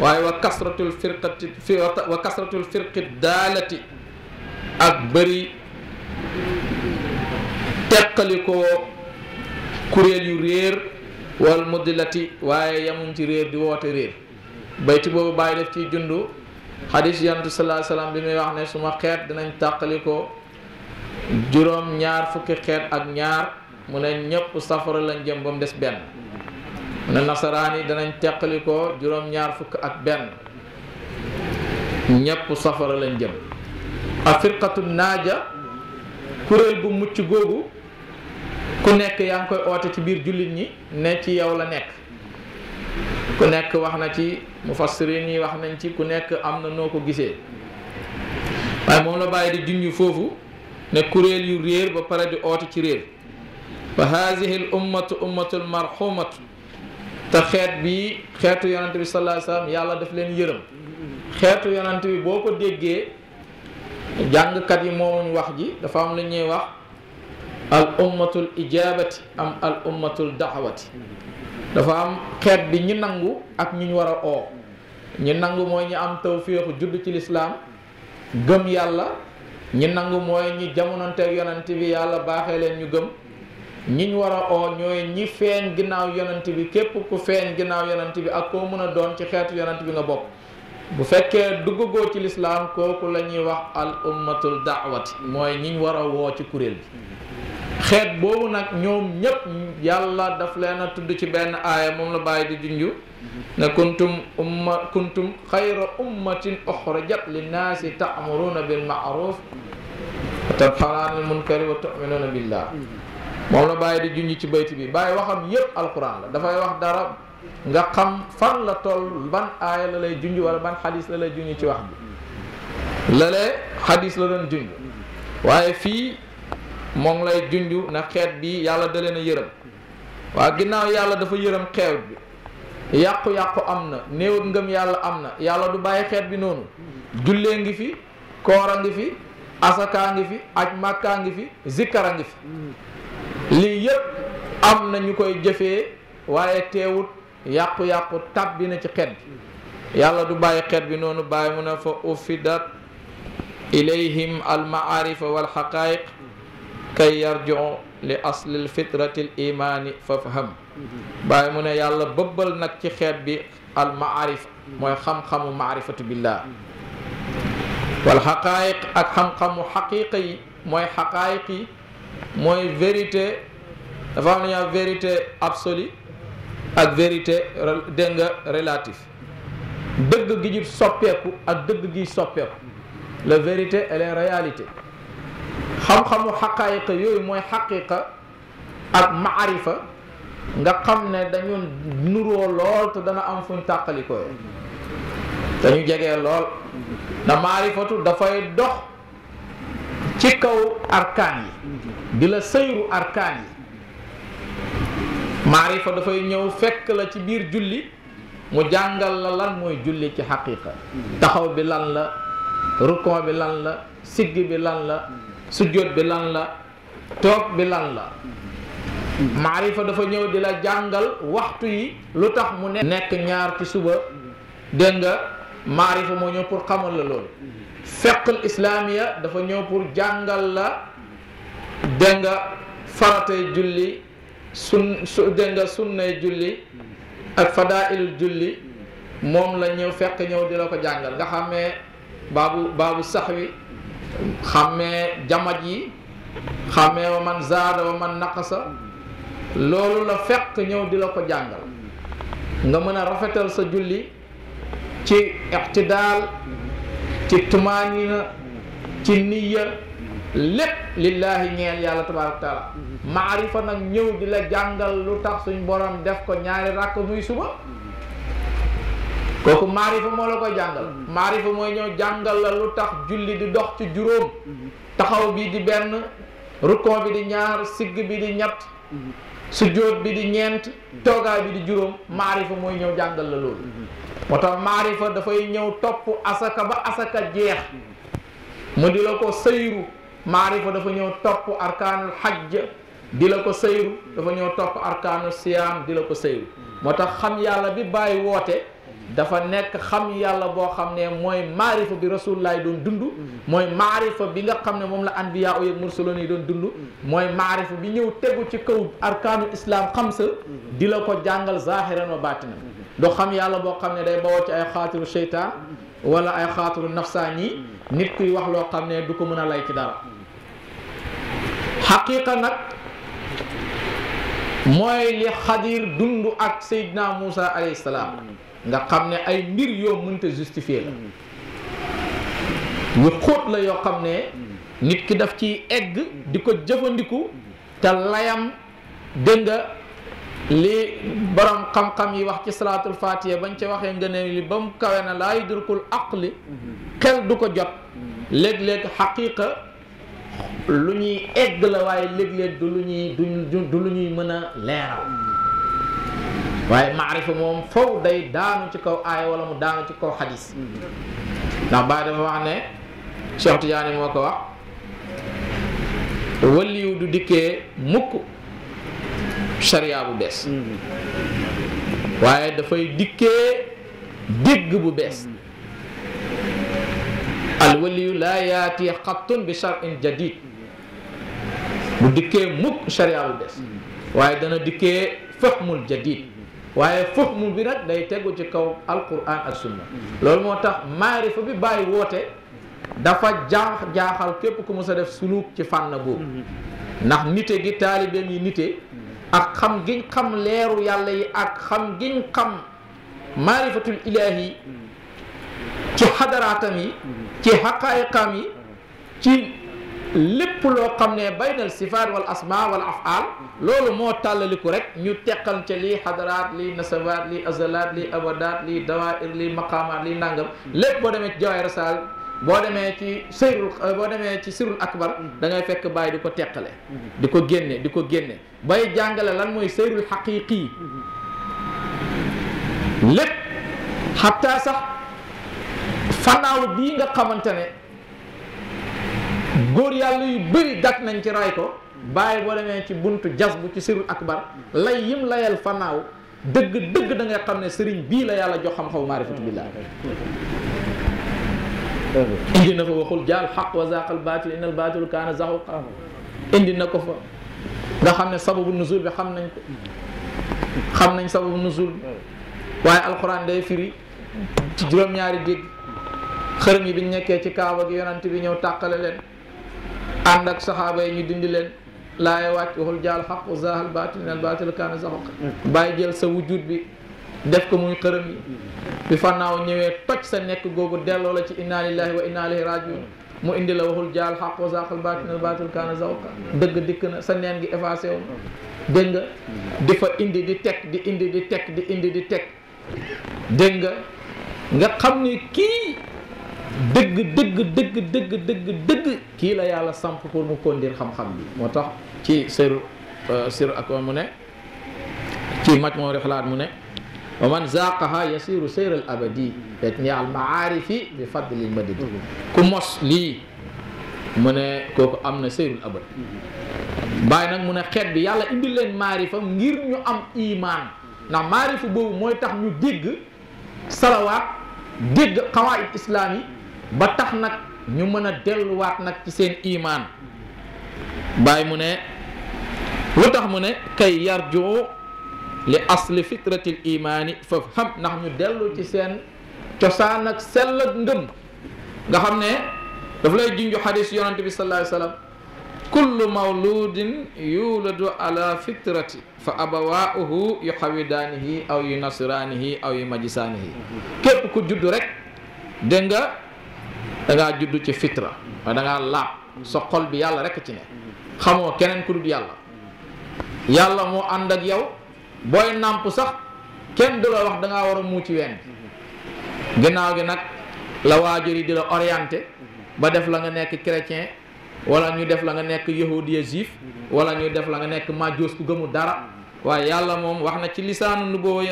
waaye wa kasratul firqati wa daalati ak bëri teqalikoo kuréel yu réer wal muddilati waaye yamuñ ci réer di woote réer bayti boobu bàyyi def ci jundu xadis yantu salaa salaam bi muy wax ne suma xeet danañ tàqali ko juróom ñaar fukki xeet ak ñaar mu ne ñëpp safara lañ jëm ba mu des benn mu ne nasaraan yi danañ teqali ko juróom ñaar fukk ak benn ñëpp safara lañ jëm afirqatu naaja kuréel gu mucc googu ku nekk yaa ngi koy oote ci biir jullit ñi ne ci yow la nekk ku nekk wax na ci mufassirin yi wax nañ ci ku nekk am na noo ko gisee waaye moom la bàyyi di junj foofu ne kuréel yu réer ba pare di oote ci réer wa haadihi l ummatu ummatul marxumatu te xeet bi xeetu yonante bi sallallahu alayhi wasallam yàlla daf leen yërëm xeetu yonante bi boo ko déggee jàngkat yi moomuñ wax ji dafa am la ñuy wax al ummatul ijabati am al ummatul daxawati dafa am xeet bi ñi nangu ak ñi ñu war a oo ñi nangu mooy ñi am tawféexu judd ci lislaam gëm yàlla ñi nangu mooy ñi jamononteeg yonent bi yàlla baaxee leen ñu gëm ñi ñu war a oo ñooy ñi feeñ ginnaaw yonent bi képp ku feeñ ginnaaw yonent bi ak ko mën a doon ci xeetu yonent bi nga bokk bu fekkee duggagoo ci lislaam kooku la wax al ummatul daawati mooy ñi ñu war a woo ci kuréel bi xeet boobu nag ñoom ñépp yàlla daf leen a tudd ci benn aaya moom la bàyyi di junju ne kuntum umma kuntum xayra ummatin uxrajat linnaasi taamuruuna bilmaaruf wa tanhawna anil munkari wa tuminuuna billah moom la bàyyi di junj ci bayti bi bàyyi waxam yépp alquran la dafay wax dara nga xam fan la toll ban aaya la lay junj wala ban xadis la lay junj ci wax bi lalee xadis la doon junj waaye fii moo ngi lay junj na xeet bi yàlla da na yërëm waaw ginnaaw yàlla dafa yërëm xeet bi yàqu-yàqu am na néew ngëm yàlla am na yàlla du bàyyi xeet bi noonu jullee ngi fi koora ngi fi asakaa ngi fi aj màkkaa ngi fi zikkara ngi fi lii yëpp am na ñu koy jëfee waaye teewut yàqu-yàqu tab bi na ci xeet bi yàlla du bàyyi xeet bi noonu bàyyi mu ne fa ufidat ilayhim al maarifa wal xaqaayiq كي يرجعوا لأصل الفطرة الإيمان ففهم باي من يالا ببل نك تي خيت بي المعارف موي خم خم معرفة بالله والحقائق اك خم خم حقيقي موي حقائق موي فيريتي دا فا نيا فيريتي ابسولي اك فيريتي دنگ ريلاتيف دغ جي سوبيكو اك دغ جي سوبيكو La vérité, elle est réalité. xam-xamu xaqaayiqa yooyu mooy xaqiqa ak maarifa nga xam ne dañu nuroo lool te dana am fuñ tàqalikoo dañu jege lool na maarifatu dafay dox ci kaw arkaan yi di la sëyru arkaan yi maarifa dafay ñëw fekk la ci biir julli mu jàngal la lan mooy julli ci xaqiqa taxaw bi lan la rukon bi lan la sigg bi lan la sujud bi lan la tok bi lan la hmm. maarifa dafa ñew di la jàngal waxtu yi lu mu nekk ñaar ci suba de nga maarifa mo ñew pour xamal la lool feqal islaamiya dafa ñew pour jangal la de nga faratay julli sun de nga sunnay julli ak fadail julli mom la ñew fekk ñew di la ko jangal nga xamé babu babu sahwi xàmmee jamaj yi xàmmee wa man zaada wa man naqasa loolu la fekk ñëw di la ko jàngal nga mën a rafetal sa julli ci ictidaal ci tumaanina ci niya lépp lillaahi ñeel yàlla tabaaraka taala maarifa nag ñëw di la jàngal lu tax suñ borom def ko ñaari ràkk muy suba kooku maarifa moo la koy jàngal mm-hmm. maarifa mooy ñëw jàngal la lu tax julli di dox ci juróom mm-hmm. taxaw bi di benn rukkon bi di ñaar sigg bi di ñett mm-hmm. sujjóot bi di ñeent toogaay bi di juróom maarifa mooy ñëw jàngal la loolu moo tax maarifa dafay ñëw topp asaka ba asaka jeex mu di la ko sëyru maarifa dafa ñëw topp arkaanul xajj di la ko sëyru dafa ñëw topp arkaanul siyaam di la ko sëyru moo tax xam yàlla bi bàyyi woote dafa nekk xam yàlla boo xam ne mooy maarifa bi rasulullahi doon dund mm-hmm. mooy maarifa bi nga xam ne moom la anbiya u yeeg mursaloon yi doon dund mm-hmm. mooy maarifa bi ñëw tegu ci kaw arkaanu islam xam sa mm-hmm. di la ko jàngal zahiran wa batinan do xam yàlla boo xam ne day bawoo ci ay xaatiru seytaan wala ay xaatiru nafsaan yi nit kuy wax loo xam ne du ko mën a lay ci dara xaqiqa nag mooy li xadir dund ak Seydina Moussa alayhi salaam nga xam ne ay mbir yoo mënta justifier la yu xóot la yoo xam ne nit ki daf ciy egg di ko jëfandiku te layam dégg nga li borom xam-xam yi wax ci salaatul fatiha bañ ca waxee nga ne li ba mu kawe na laa yudrikul aqli xel du ko jot léeg-léeg xaqiqa lu ñuy egg la waaye léeg-léeg du lu ñuy du lu ñuy mën a leeral waaye maarifa moom faw day daanu ci kaw aaya wala mu daanu ci kaw xadis ndax Baay dafa wax ne Cheikh Tidiane moo ko wax waliyu du dikkee mukk sariya bu bees mm-hmm. waaye dafay dikkee dégg bu bees alwaliyu laa yaati xattun bi charin jadid bu dikkee mukk charia des waaye dana dikkee fahmul jadid waaye fahmu bi nag day tegu ci kaw alquran ak sunna loolu moo tax maarifa bi bàyyi woote dafa jaax jaaxal képp ku mës a def suluk ci fànn boobu ndax nite gi taalibeem yi nite ak xam giñ xam leeru yàlla yi ak xam giñ xam maarifatul ilaahi ci xadaraatam yi ci xaqaayiqaam yi ci lépp loo xam ne baynal sifaat wal asma wal afaal loolu moo tàllaliku rek ñu teqal ca lii xadaraat li nasabaat li azalaat lii abadaat li dawair lii maqaamaat lii nàngam lépp boo demee ci jawaay rasaal boo demee ci sirul boo demee ci sirul akbar da ngay fekk bàyyi di ko teqale di ko génne di ko génne bay jàngale lan mooy sirul xaqiqi lépp xataa sax fanaaw bii nga xamante ne góor yàlla yu bëri dat nañ ci ray ko bàyyi boo demee ci buntu jas bu ci sirul akbar lay yim layal fannaaw dëgg dëgg da ngay xam ne sëriñ bii la yàlla jox xam-xamu maarifatu billah indi na ko waxul jaal xaq wa zaqal baatil innal baatil kaana zahuqa na ko fa nga xam ne sababu nuzul xam nañ nañ sababu nuzul bi alxuraan day firi ci juróom-ñaari dégg xërëm yi biñ ci kaaba gi yonent bi ñëw tàqale leen ànd ak saxaaba yi ñu dindi leen laay wàcc waxul jaal xaq wa zaahal baatil al baatil kaana zahuuqa bàyyi jël sa wujud bi def ko muy xërëm yi bi fannaaw ñëwee toj sa nekk googu delloo la ci inna lillahi wa inna ilayhi rajiun mu indi la waxul jaal xaq wa zaahal baatil al baatil kaana zahuuqa dëgg dikk na sa neen gi effacé wu dégg nga di fa indi di teg di indi di teg di indi di teg dégg nga nga xam ni kii dëgg dëgg dëgg dëgg dëgg dëgg kii la yàlla samp pour mu kondir xam-xam bi moo tax ci sër euh, sër ak mu ne ci maj moo rexlaat mu ne wa man zaqaha yasiru sayr al abadi yatni al maarifi bi ma madid ku mos lii mu ne kooku am na sayrul abad bàyyi nag mu ne xeet bi yàlla indi leen maarifa ngir ñu am imaan ndax maarifa boobu mooy tax ñu dégg salawaat dégg xawaayid islaam yi ba tax nag ñu mën a delluwaat nag ci seen imaan bàyyi mu ne lu tax mu ne kay yarjoo li asli fitratil imaani foofu xam ndax ñu dellu ci seen cosaan ak sell ak ngëm nga xam ne daf lay junju xadis yonante bi sallallahu alayhi wasallam kullu mawludin yuladu ala fitrati fa abawaauhu yu xawidaanihi aw yu nasiraanihi aw yu majisaanihi képp ku judd rek dégg dangaa juddu ci fitra da ngaa laab sa xol bi yàlla rekk ci ne xamoo keneen ku dul yàlla yàlla moo ànd ak yow booy nàmp sax kenn du wax dangaa ngaa war a muuci ween gannaaw gi nag la waajur yi di la orienté ba def la nga nekk chrétien wala ñu def la nga nekk yahudiya juif wala ñu def la nga nekk majus ku gëmu dara waaye yàlla moom wax na ci lisaanu nubuwwa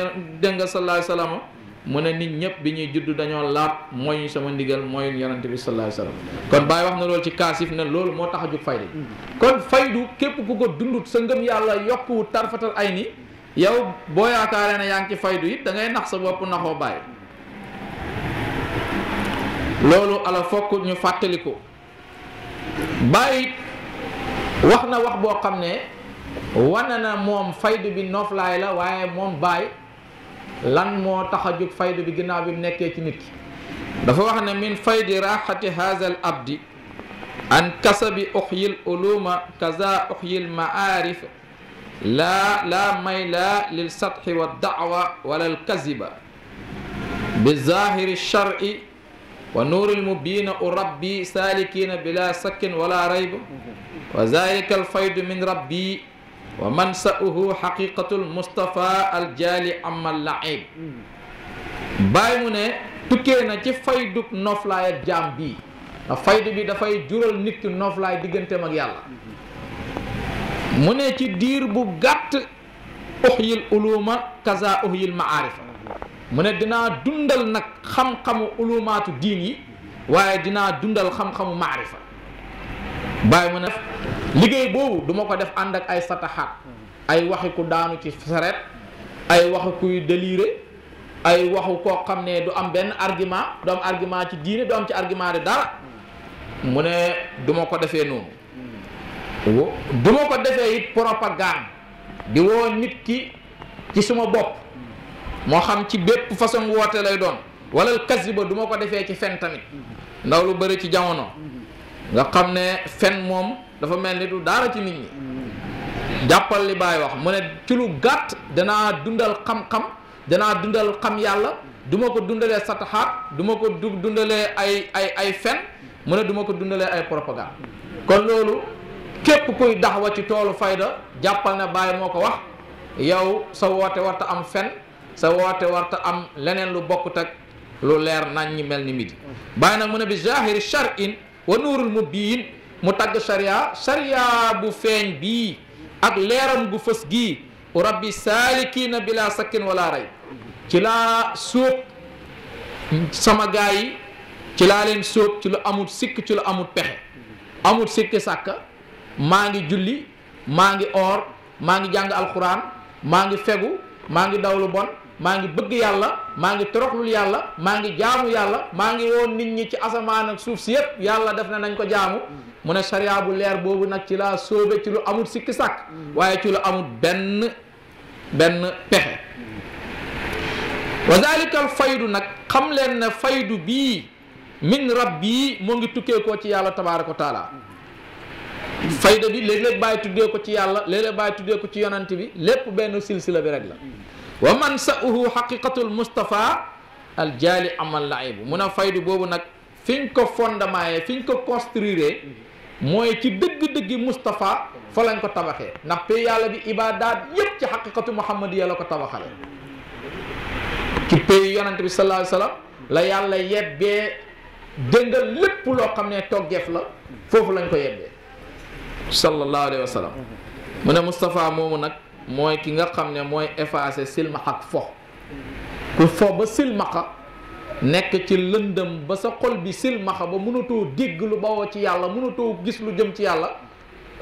dégg nga sallallahu alayhi wa mu ne nit ñëpp bi ñuy judd dañoo laab mooy sama ndigal mooy yonante bi sallallahu alayhi wasallam kon Baye wax na loolu ci kaasif ne loolu moo tax a jug faydu kon faydu képp ku ko dundut sa ngëm yàlla yokkuwut tarfatal ay ni yow boo yaakaaree ne yaa ngi ci faydu it da ngay nax sa bopp naxoo Baye loolu ala fokk ñu fàttali ko Baye wax na wax boo xam ne wane na moom faydu bi noflaay la waaye moom Baye. lan mo taxajuk a bi ginaaw bi nekké ci nit ki dafa wax ne min faydi raxati hadha al abdi an kasabi uhyil uluma kaza uhyil maarif la la mayla lil satxi wa da'wa wala al kaziba bi zahir al shari wa nur nuuril mubiina rabbi salikin bila sakkin wala rayb wa zalika al faydu min rabbi wa mansa'uhu haqiqatul Mustafa al jaali amal laib bàyyi mu ne tukkee na ci faydub noflaay ak jaam bii ndax faydu bi dafay jural nit ki noflaay digganteem ak yàlla mu ne ci diir bu gàtt uxyil uluma kaza uxyil maarifa mu ne dinaa dundal nag xam-xamu ulumaatu diin yi waaye dinaa dundal xam-xamu maarifa bàyyi mu ne liggéey boobu duma ko def ànd ak ay sataxaat ay waxi ku daanu ci saret ay waxi kuy déliré ay waxu koo xam ne du am benn argument du am argument ci diine du ci argument de dara mu ne duma ko defee noonu duma ko defee it propagande di woo nit ki ci suma bopp moo xam ci bépp façon woote lay doon wala kasi duma ko defee ci fen tamit ndaw lu bëri ci jamono nga xam ne fen moom dafa mel ni du daara ci nit ñi jàppal li baay wax mu ne ci lu gàtt danaa dundal xam-xam danaa dundal xam yàlla duma ko dundalee sataxaat duma ko du dundalee ay ay ay fen mu ne du ko dundalee ay propagande kon loolu képp kuy daxwa ci toolu fayda jàppal na baay moo ko wax yow sa woote warta am fen sa woote warta am leneen lu bokkut ak lu leer nañ mel ni midi bàyyi nag mu ne bi zahiri shar'in wa nuurul mubiin mu tàgg sariya sariya bu feeñ bii ak leeram gu fës gii rabbi saalikiina bila sakkin wala rey ci laa sóob sama gaa yi ci laa leen sóob ci lu amul sikk ci lu amul pexe amul sikki sàkk maa ngi julli maa ngi oor maa ngi jàng alxuraan maa ngi fegu maa ngi daw bon maa ngi bëgg yàlla maa ngi toroxlul yàlla maa ngi jaamu yàlla maa ngi woon nit ñi ci asamaan ak suuf si yépp yàlla def na nañ ko jaamu mu ne sariya bu leer boobu nag ci laa sóobe ci lu amul sikki sàkk waaye ci lu amul benn benn pexe wa dalika faydu nag xam leen na faydu bii min rab rabbi moo ngi tukkee ko ci yàlla tabaaraka wa taala fayda bi léeg-léeg tuddee ko ci yàlla léeg-léeg bàyyi tuddee ko ci yonant bi lépp benn silsila bi rek la wa man sa'uhu xaqiqatul mustafa al jaali amal laibu mun a faydu boobu nag fiñ ko fondement yee fiñ ko construire mooy ci dëgg-dëggi Moustapha fa lañ ko tabaxee ndax pay yàlla bi ibaadaat yépp ci xaqiqatu Muhammad yàlla ko tabaxale ci pay yonante bi sallallahu alayhi wasallam la yàlla yebbee dëngal lépp loo xam ne toggeef la foofu lañ ko yebbee sallallahu alayhi wa sallam mu ne Moustapha moomu nag mooy ki nga xam ne mooy effacé silmaxa ak fo ku fo ba silmaxa nekk ci lëndëm ba sa xol bi silmaxa ba mënatoo dégg lu bawoo ci yàlla mënatoo gis lu jëm ci yàlla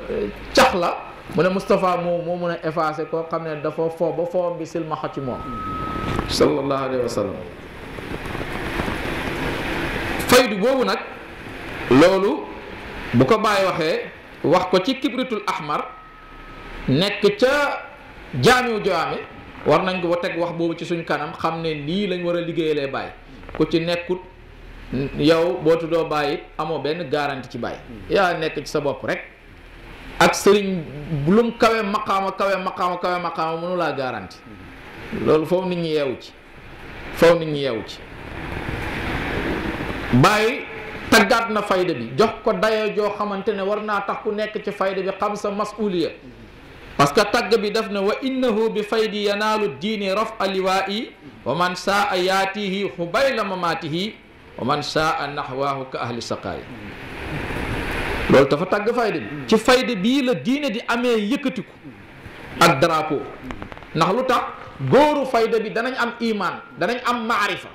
eh, cax la mu ne Moustapha moo moo mën a effacé koo xam ne dafa foo ba foom bi silmaxa ci moom sallallahu alayhi wa boobu nag loolu bu ko bàyyi waxee wax ko ci kibritul ahmar nekk ca jaamiw jaami war nañ ko teg wax boobu ci suñu kanam xam ne lii lañu war a liggéeyalee bàyyi ku ci nekkut yow boo tuddoo bàyyi amoo benn garanti ci bàyyi hmm. yaa nekk ci sa bopp rek ak sëriñ lum kawe maqaama kawe maqaama kawe maqaama mënu laa garanti hmm. loolu foofu nit ñi yeewu ci foofu nit ñi yeewu ci bàyyi taggaat na fayda bi jox ko dayoo joo xamante ne war naa tax ku nekk ci fayda bi xam sa masuliya hmm. parce que tagg bi daf na wa innahu bi faydi yanaalu diini raf aliwaa'i wa man saa a yaatihi xubayla mamaatihi wa man saa a naxwaahu ka ahli saqaay loolu dafa tagg fayda bi ci fayda bii la diine di amee yëkkatiku ak drapeau ndax lu tax góoru fayda bi danañ am imaan danañ am maarifa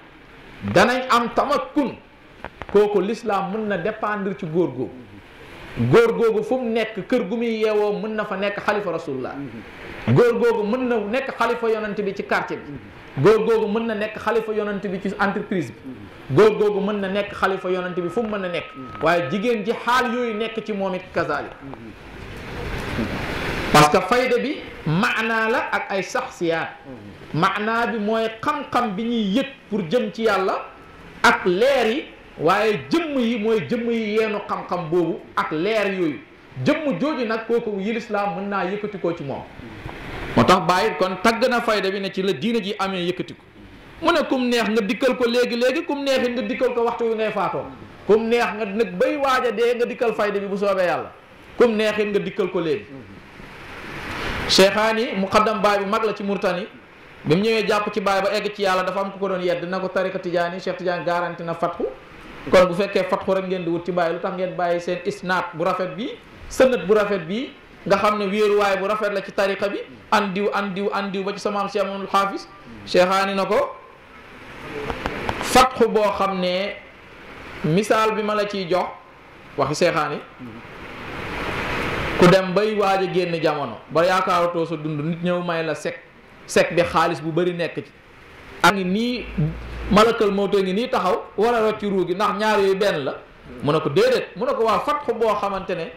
danañ am tamakkun kooku l'islam mën na dépendre ci góor góor góor googu fu mu nekk kër gu muy yeewoo mën na fa nekk xalifa rasulullah góor googu mën na nekk xalifa yonent bi ci quartier bi góor googu mën na nekk xalifa yonent bi ci entreprise góor googu mën na nekk xalifa yonent bi fu mu mën a nekk waaye jigéen ji xaal yooyu nekk ci moom it kazalik parce que fayda bi maanaa la ak ay saxsiyaat maanaa bi mooy xam-xam bi ñuy yëg pour jëm ci yàlla ak leer yi waaye jëmm yi mooy jëmm yi yeenu xam-xam boobu ak leer yooyu jëmm jooju nag kooku yi lislaam mën naa yëkkati ko ci moom moo tax bàyyi kon tagg na fayda bi ne ci la diine ji amee yëkkati ko mu ne kum neex nga dikkal ko léegi-léegi kum neexit nga dikkal ko waxtu wi ngay faatoo kum neex nga nag bay waaj a dee nga dikkal fayda bi bu soobee yàlla kum neexit nga dikkal ko léegi cheikhaan yi muqaddam baay bu mag la ci murtani bi mu ñëwee jàpp ci baay ba egg ci yàlla dafa am ku ko doon yedd na ko tarika tijaani cheikh tijaani garanti na fatku kon bu fekkee fatxu rek ngeen di wut ci bàyyi lu tax ngeen bàyyi seen isnaat bu rafet bi sënat bu rafet bii nga xam ne wéeruwaay bu rafet la ci tariqa bi andiw andiw andiw ba ci samaam si amoonul xaafis cheikhaani na ko fatxu boo xam ne misaal bi ma la ciy jox waxi seexaani ku dem bay waaj génn jamono ba yaakaaratoo sa dund nit ñëw may la sek sek bi xaalis bu bari nekk ci ak nii malakal mawta ngi nii taxaw wala rocc ruu gi ndax ñaar yooyu benn la mu ne ko déedéet mu ne ko waa fatxu boo xamante ne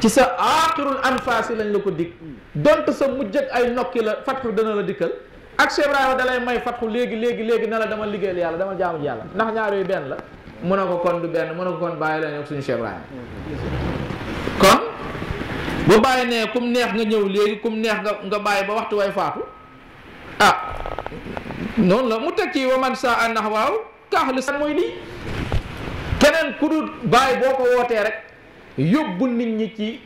ci sa aaxirul anfaasi lañ la ko dikk dont sa mujj ay nokki la fatxu dana la dikkal ak Cheikh Ibrahima dalay may fatxu léegi léegi léegi na la dama liggéeyal yàlla dama jaamu ji yàlla ndax ñaar yooyu benn la mu ne ko kon du benn mu a ko kon bàyyi leen ak suñu Cheikh Ibrahima kon bu bàyyi nee kum neex nga ñëw léegi kum neex nga nga bàyyi ba waxtu way faatu ah, noonu la mu teg ci wa man saa nax waaw kaaxlu sa mooy lii keneen ku dul bàyyi boo ko wootee rek yóbbu nit ñi ci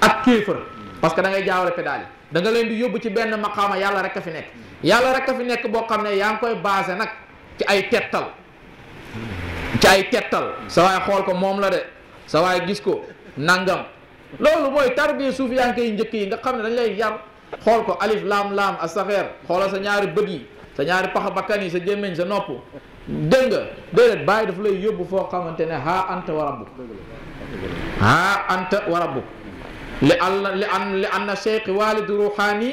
ak kéefër parce que da ngay jaawale pédale yi da nga leen di yóbbu ci benn maqaama yàlla rek a fi nekk yàlla rek a fi nekk boo xam ne yaa ngi koy baase nag ci ay tettal ci ay tettal sa waay xool ko moom la de sa waay gis ko nangam loolu mooy tarbiya suuf yaa ngi koy njëkk yi nga xam ne dañ lay yar xool ko alif laam laam astaxeer xoola sa ñaari bët yi sa ñaari paxa bakkan yi sa gémmiñ sa nopp dégg nga déedéet bàyyi dafa lay yóbbu foo xamante ne ha anta wa rabbuk ha anta wa rabbuk li an li walid ruhani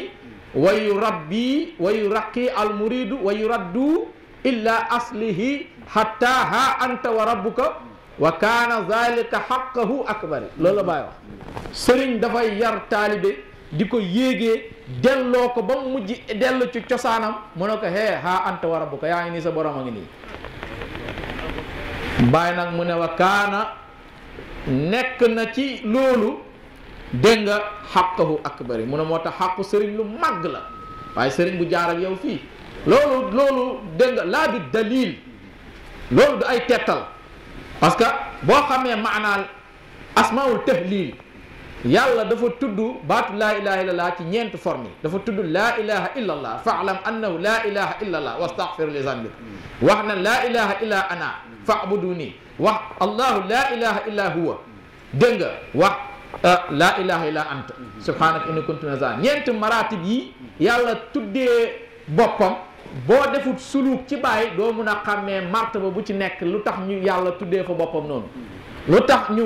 wa yu rabbi wa yu raqi al muridu wa yu raddu illa aslihi hatta ha anta wa rabbuka wa kaana zalika haqqahu akbari loolu la wax sëriñ dafay yar taalibe di ko yéegee dello ko bam mu mujj dellu ci ciosanam monoko he ha anta warabuka ya ini sa borom ngi ni bay nak mune wa kana nek na ci lolu nga akbari mune mota haqq serign lu mag la way serign bu jaar ak yow fi lolu lolu nga bi dalil lolu du ay tetal parce que bo xamee maanaan asmaul tahlil يلا دفو تدو بات لا اله الا الله تي نينت فورمي دفو تدو لا اله الا الله فعلم انه لا اله الا الله واستغفر لذنبك وحنا لا اله الا انا فاعبدوني وح الله لا اله الا هو دنگ واخ لا اله الا انت سبحانك اني كنت من الظالمين نينت مراتب يي يلا تودي بوبام بو دفوت سلوك تي دو مونا خامي مرتبه بو تي نيك لوتاخ ني يلا تودي فا بوبام نون لوتاخ ني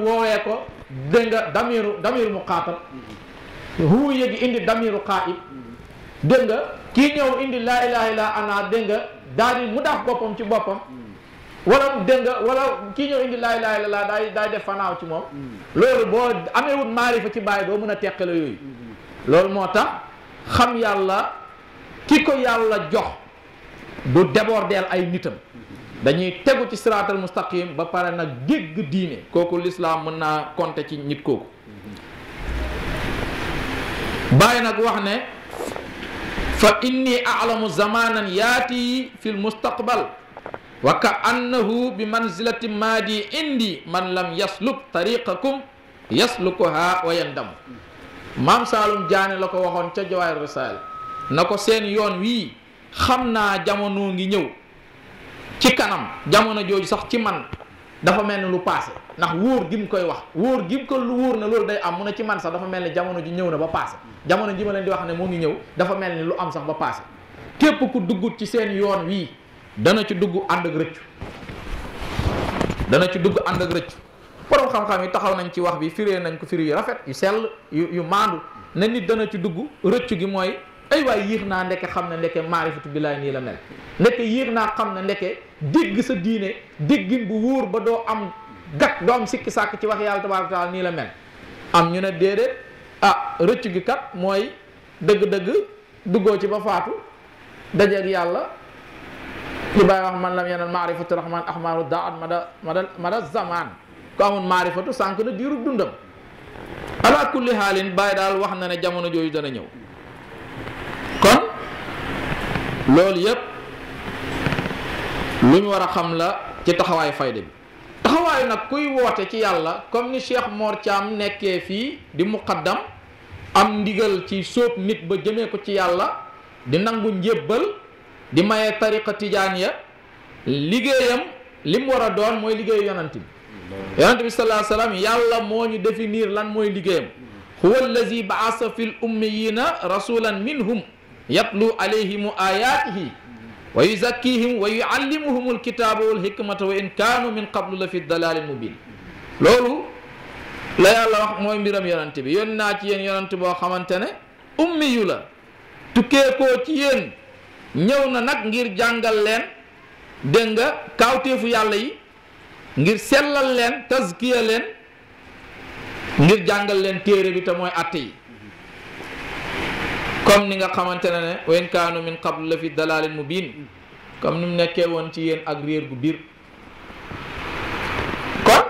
dégg nga damiru damiru muqaatab huwa yëgi indi damiru qaib dégg nga kii ñëw indi laa ilaha illa ana dégg nga daal di mu daaf boppam ci boppam wala dégg nga wala kii ñëw indi laa ilaha illa daay daay def fanaaw ci moom loolu boo ameewut maarifa ci bàyyi doo mën a teqale yooyu loolu moo tax xam yàlla ki ko yàlla jox du débordeel ay nitam dañuy tegu ci siraatal mustaqim ba pare nag dégg diine kooku lislaam mën naa compter ci nit kooku bàyyi nag wax ne fa inni alamu zamanan yaati fi l mustaqbal wa ka bi manzilati maadi indi man lam yasluk tariqakum yaslukuha wa yandam maam saalum jaane la ko waxoon ca jawaayir risaal na ko seen yoon wii xam naa jamono ngi ñëw ci kanam jamono joju sax ci man dafa melni lu passé ndax woor gi mu koy wax woor gi ko lu woor na loolu day am mu ne ci man sax dafa melni jamono ji ñew na ba passé jamono ji ma leen di wax ne mo ngi ñew dafa melni lu am sax ba passé kep ku duggut ci seen yoon wi dana ci dugg and ak dana ci dugg and ak rëccu borom xam-xam yi taxaw nañ ci wax bi firé nañ ko firé yu rafet yu sel yu mandu dana ci dugg rëccu gi moy. ay waay yéex naa ndeke xam na ndeke maarifatu billaay nii la mel ndeke yéex naa xam na ndeke dégg sa diine déggin bu wóor ba doo am gat doo am sikki sàkk ci wax yàlla tabaaraka taala nii la mel am ñu ne déedéet ah rëcc gi kat mooy dëgg-dëgg duggoo ci ba faatu dajeeg yàlla li bàyyi wax man lam yeneen maarifatu rahman ahmaru da at mada mada mada zaman ku amoon maarifatu sànq na diiru dundam ala kulli haalin bàyyi daal wax na ne jamono jooju dana ñëw loolu yëpp lu ñu war a xam la ci taxawaayu fayda bi taxawaayu nag kuy woote ci yàlla comme ni Cheikh Mor Thiam nekkee fii di muqaddam am ndigal ci sóob nit ba jëmee ko ci yàlla di nangu njébbal di maye tariqa tijaan ya liggéeyam li mu war a doon mooy liggéeyu yonant bi yonant bi salaa yàlla moo ñu définir lan mooy liggéeyam huwa allazi baasa fi l ummiyina rasulan minhum yatlu alayhimu ayaatihi wa yuzakkihim wa yuallimuhum alkitaaba walhikmata wa in kaanu min qablu la fi dalaalin mubin loolu la yàlla wax mooy mbiram yonante bi yón naa ci yéen yonante boo xamante ne ummi yu la tukkeekoo ci yéen ñëw na nag ngir jàngal leen dégg nga kaawteefu yàlla yi ngir sellal leen tazkiya leen ngir jàngal leen téere bi te mooy atte yi comme ni nga xamante ne ne wen kaanu min qabl la fi dalaalin mubiin comme ni mu nekkee woon ci yéen ak réer gu biir kon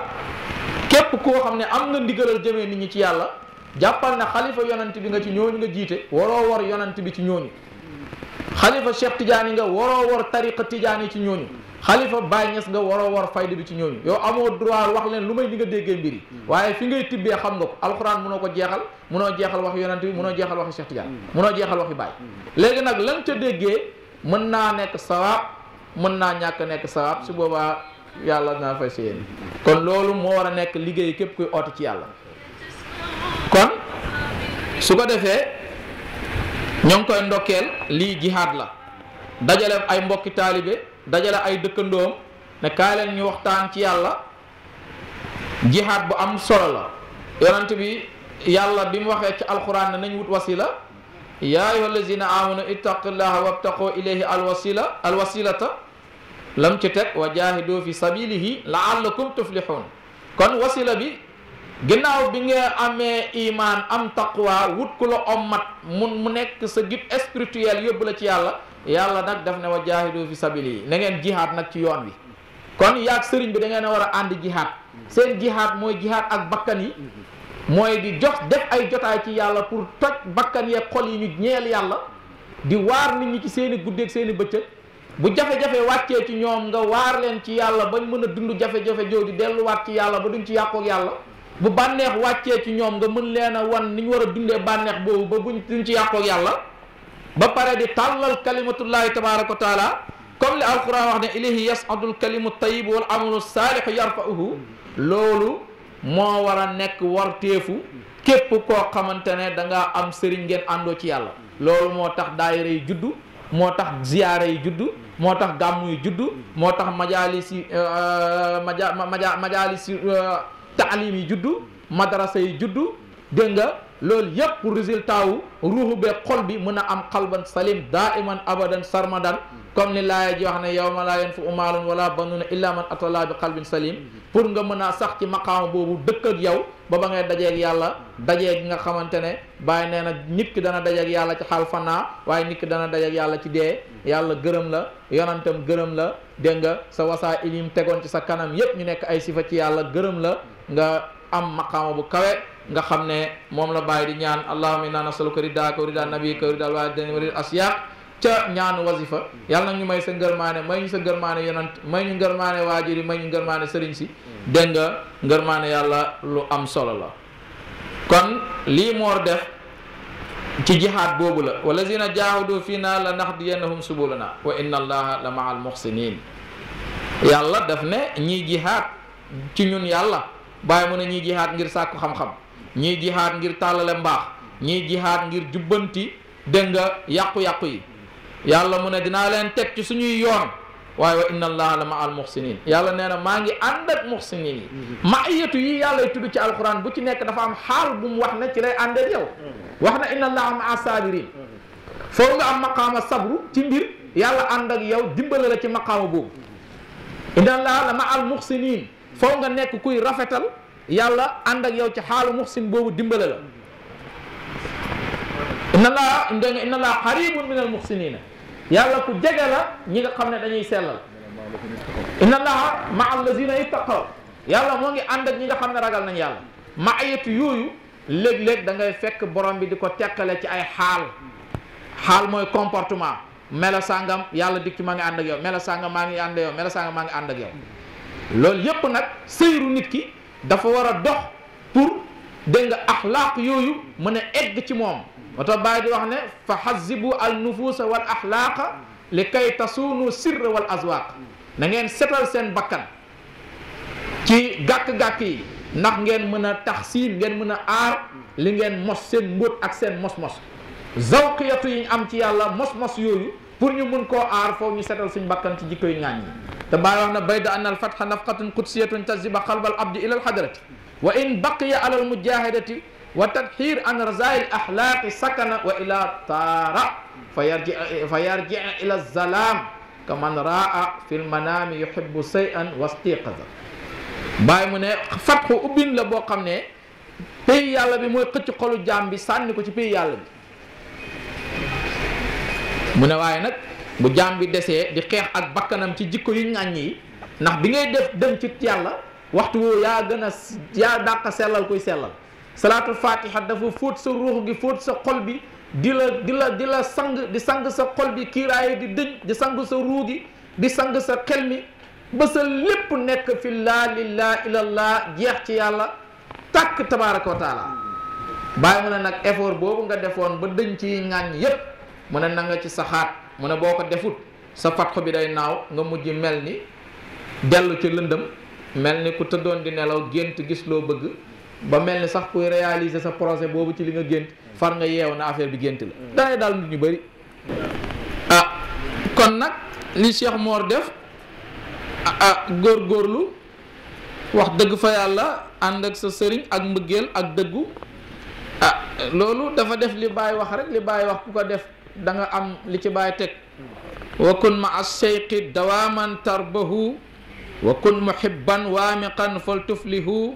képp koo xam ne am nga ndigalal jëmee nit ñi ci yàlla jàppal na xalifa yonant bi nga ci ñooñu nga jiite waroo war yonant bi ci ñooñu xalifa Cheikh Tidiane nga waroo war tariqa Tidiane ci ñooñu khalifa bay ñes nga waroo war fayda bi ci ñooñu yo amo droit wax leen lu may li nga déggee mbiri mm. waye fi ngay tibbee xam nga ko alxuraan munoo ko jéxal mëno jéxal wax yonent bi mëno jéxal wax Cheikh Tidiane mëno mm. jéxal wax bay mm. légui nak lan ca déggee mën na nek sawab mën na ñak nek sawab su boba yalla na fay seen kon loolu mo wara nek nekk liggéey képp kuy oote ci yalla kon su ko defee ñong koy ndokkeel li jihad la dajale ay mbokki talibé dajale ay dëkkandoom ne kaay leen ñu waxtaan ci yàlla jihaad bu am solo la yonent bi yàlla bi mu waxee ci alxuraan ne nañ wut wasila yaa ayyuha allazina amanu ittaqillaha wabtaqoo ilayhi alwasila la mu ci teg wa jahidu fi sabilihi laallakum tuflihun kon wasila bi ginnaaw bi nga amee imaan am taqwa wut ku la ommat mu nekk sa guide spirituel yóbbu la ci yàlla yàlla nag daf ne wa jaahidu fi sabili na ngeen jihaad nag ci yoon wi kon yaag sëriñ bi da ngeen a war a ànd jihaad seen jihaad mooy jihaad ak bakkan yi mooy di jox def ay jotaay ci yàlla pour toj bakkan yeeg xol yi ñu ñeel yàlla di waar nit ñi ci seen guddee guddeeg seen i bëccëg bu jafe-jafe wàccee ci ñoom nga waar leen ci yàlla bañ mën a dund jafe-jafe jooju delluwaat ci yàlla ba duñ ci yàqoog yàlla bu bànneex wàccee ci ñoom nga mën leen a wan ni ñu war a dundee bànneex boobu ba ci yàqoog yàlla ba pare di tàllal kalimatullahi tabaraka wa taala comme li alquran wax ne ilayhi yasadul kalimu tayib wal amalu saalixu yarfauhu loolu moo war a nekk warteefu képp koo xamante ne da ngaa am sëriñ ngeen àndoo ci yàlla loolu moo tax daayira yi juddu moo tax ziyaara yi juddu moo tax gàmmu yi juddu moo tax majaalis yi euh, euh, maja majaalis euh, taalim yi juddu madrasa yi juddu dégg nga loolu yépp résultat wu ruuxu bee xol bi mën a am xalban salim daa iman abadan sarmadan comme ni laaya ji wax ne yow ma laa yanfu maalun wala banuuna illa man atalla bi xalbin salim pour nga mën a sax ci maqaama boobu dëkk ak yow ba ba ngay dajeeg yàlla dajee gi nga xamante ne bàyyi nee na nit dana dajeeg yàlla ci xaal fanaa waaye nit ki dana dajeek yàlla ci dee yàlla gërëm la yonantam gërëm la dégg nga sa wasaa ilim tegoon ci sa kanam yépp ñu nekk ay sifa ci yàlla gërëm la nga am maqaama bu kawe nga xam ne moom la bàyyi di ñaan allahumma inna nasaluka ridaaka wa ridaa nabiyika wa ridaa ca ñaanu wasifa yàlla na ñu may sa ngërmaane may ñu sa ngërmaane yonant may ñu ngërmaane waajur may ñu ngërmaane sëriñ si dégg nga ngërmaane yàlla lu am solo la kon lii moor def ci jihaad boobu la walazina jaahadu fii naa la nahdiyannahum subulana wa inna allaha la maa al muxsinin yàlla daf ne ñii jihaad ci ñun yàlla bàyyi mu ne ñii jihaad ngir sàkku xam ñii jihaad ngir tàllale mbaax ñii jihaad ngir jubbanti dégg nga yàqu-yàqu yi yàlla mu ne dinaa leen teg ci suñuy yoon waaye wa inna allaha la ma al muxsinin yàlla nee na maa ngi ànd ak muxsinin yi mm-hmm. maayatu yi yàlla tudd ci alquran bu ci nekk dafa am xaal bu wax na ci lay àndal yow mm-hmm. wax na inna allaha maa sabirin mm-hmm. foofu nga am maqaama sabru ci mbir yàlla ànd ak yow dimbale la ci maqaama boobu inna allaha la ma al muxsinin foofu nga nekk kuy rafetal Yalla, anda ak yow ci halu muhsin bobu dimbalal inna la inna la xaribun minal muhsinina yalla ku jegala ñi nga xamne dañuy selal inna la ma ladina ittaqaw yalla mo ngi and ak ñi nga xamne ragal nañ yalla maayatu yuyu leg leg da ngay fekk borom bi di tekkale ci ay hal hal moy comportement mela sangam yalla dik ci ma ngi and ak yow mela sangam ma ngi ànd yow mela sangam ma ngi and ak yow lol yep nak seyru nit ki dafa war a dox pour dégg nga axlaaq yooyu mën a egg ci moom moo tax di wax ne fa xazibu al nufuusa wal axlaaqa li kay tasuunu sirra wal azwaaq na ngeen setal seen bakkan ci gàkk-gàkk yi ndax ngeen mën a tax siin ngeen mën a aar li ngeen mos seen mbóot ak seen mos-mos zawqiyatu yi ñu am ci yàlla mos-mos yooyu pour ñu mun koo aar foofu ñu setal suñ bakkan ci jikko yu ñaañ yi تبارك الله بيد أن الفتح نفقة قدسية تجذب قلب العبد إلى الحضرة وإن بقي على المجاهدة وتدحير عن رزايا الأخلاق سكن وإلى طار فيرجع, فيرجع إلى الظلام كمن رأى في المنام يحب شيئا واستيقظ باي من فتح ابن ubbin la boo xam ne pays yàlla bi mooy xëcc xolu jaam bi sànni ko ci pays bu jam bi desee di xeex ak bakkanam ci jikko yu ñàññ yi bi ngay def dem ci yalla waxtu wo ya gëna a daq dàq koy kuy salatu fatiha dafa foot sa ruux gi foot sa xol bi dila dila dila di sang di sang sa xol bi di deñ di sang sa ruu gi di sang sa xelmi ba sa lepp nek fi la ilaha ilallah jeex ci yalla tak tabaaraku taala bay mu ne effort bobu nga defoon ba deñ ci ñaan yépp mu na nga ci saxaat mu ne boo ko defut sa fatxo bi day naaw nga mujj mel ni dellu ci lëndam mel ni ku te tëddoon di nelaw gént gis loo bëgg ba mel ni sax kuy réaliser sa projet boobu ci li nga gént far nga yeew na affaire bi gént la danay daal nit ñu bëri ah kon nag li Cheikh moor def ah, ah, góor góorlu wax dëgg fa yàlla ànd ak sa sëriñ ak mbëggeel ak dëggu ah loolu dafa def li Baay wax rek li Baay wax ku ko def danga am li ci bàyyi teg wa kun ma asseyqi dawaaman tarbahu wa kun muhibban waamiqan fal tuflihu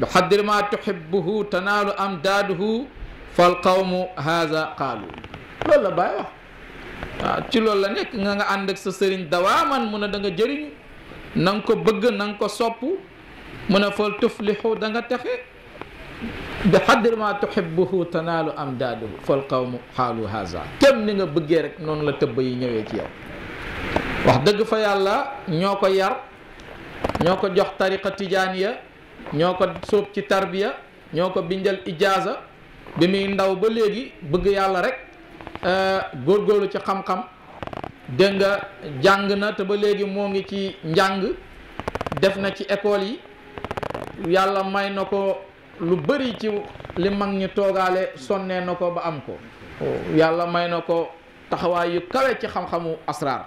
bi xadri ma tuhibbuhu tanaalu am daaduhu fal qawmu haza qaalu loolu la bàyyi wax waaw ci loolu la nekk nga nga ànd ak sa sëriñ dawaaman mu ne da nga jëriñu na ko bëgg nanga ko sopp mu ne fal tuflihu da texe bi xadri ma tuhibbuhu tanaalu am daaduhu fal qawmu xaalu haza kem ni nga bëggee rek noonu la tëbb yi ñëwee ci yow wax dëgg fa yàlla ñoo ko yar ñoo ko jox tariqa tijaaniya ñoo ko sóob ci tarbiya ñoo ko bindal ijaaza bi muy ndaw ba léegi bëgg yàlla rek euh, góorgóorlu ci xam-xam dégg nga jàng na te ba léegi moo ngi ci njàng def na ci école yi yàlla may na ko lu bari ci li mag ñi toogaale sonnee na ko ba am ko yàlla may na ko taxawaay yu kawe ci xam-xamu asraar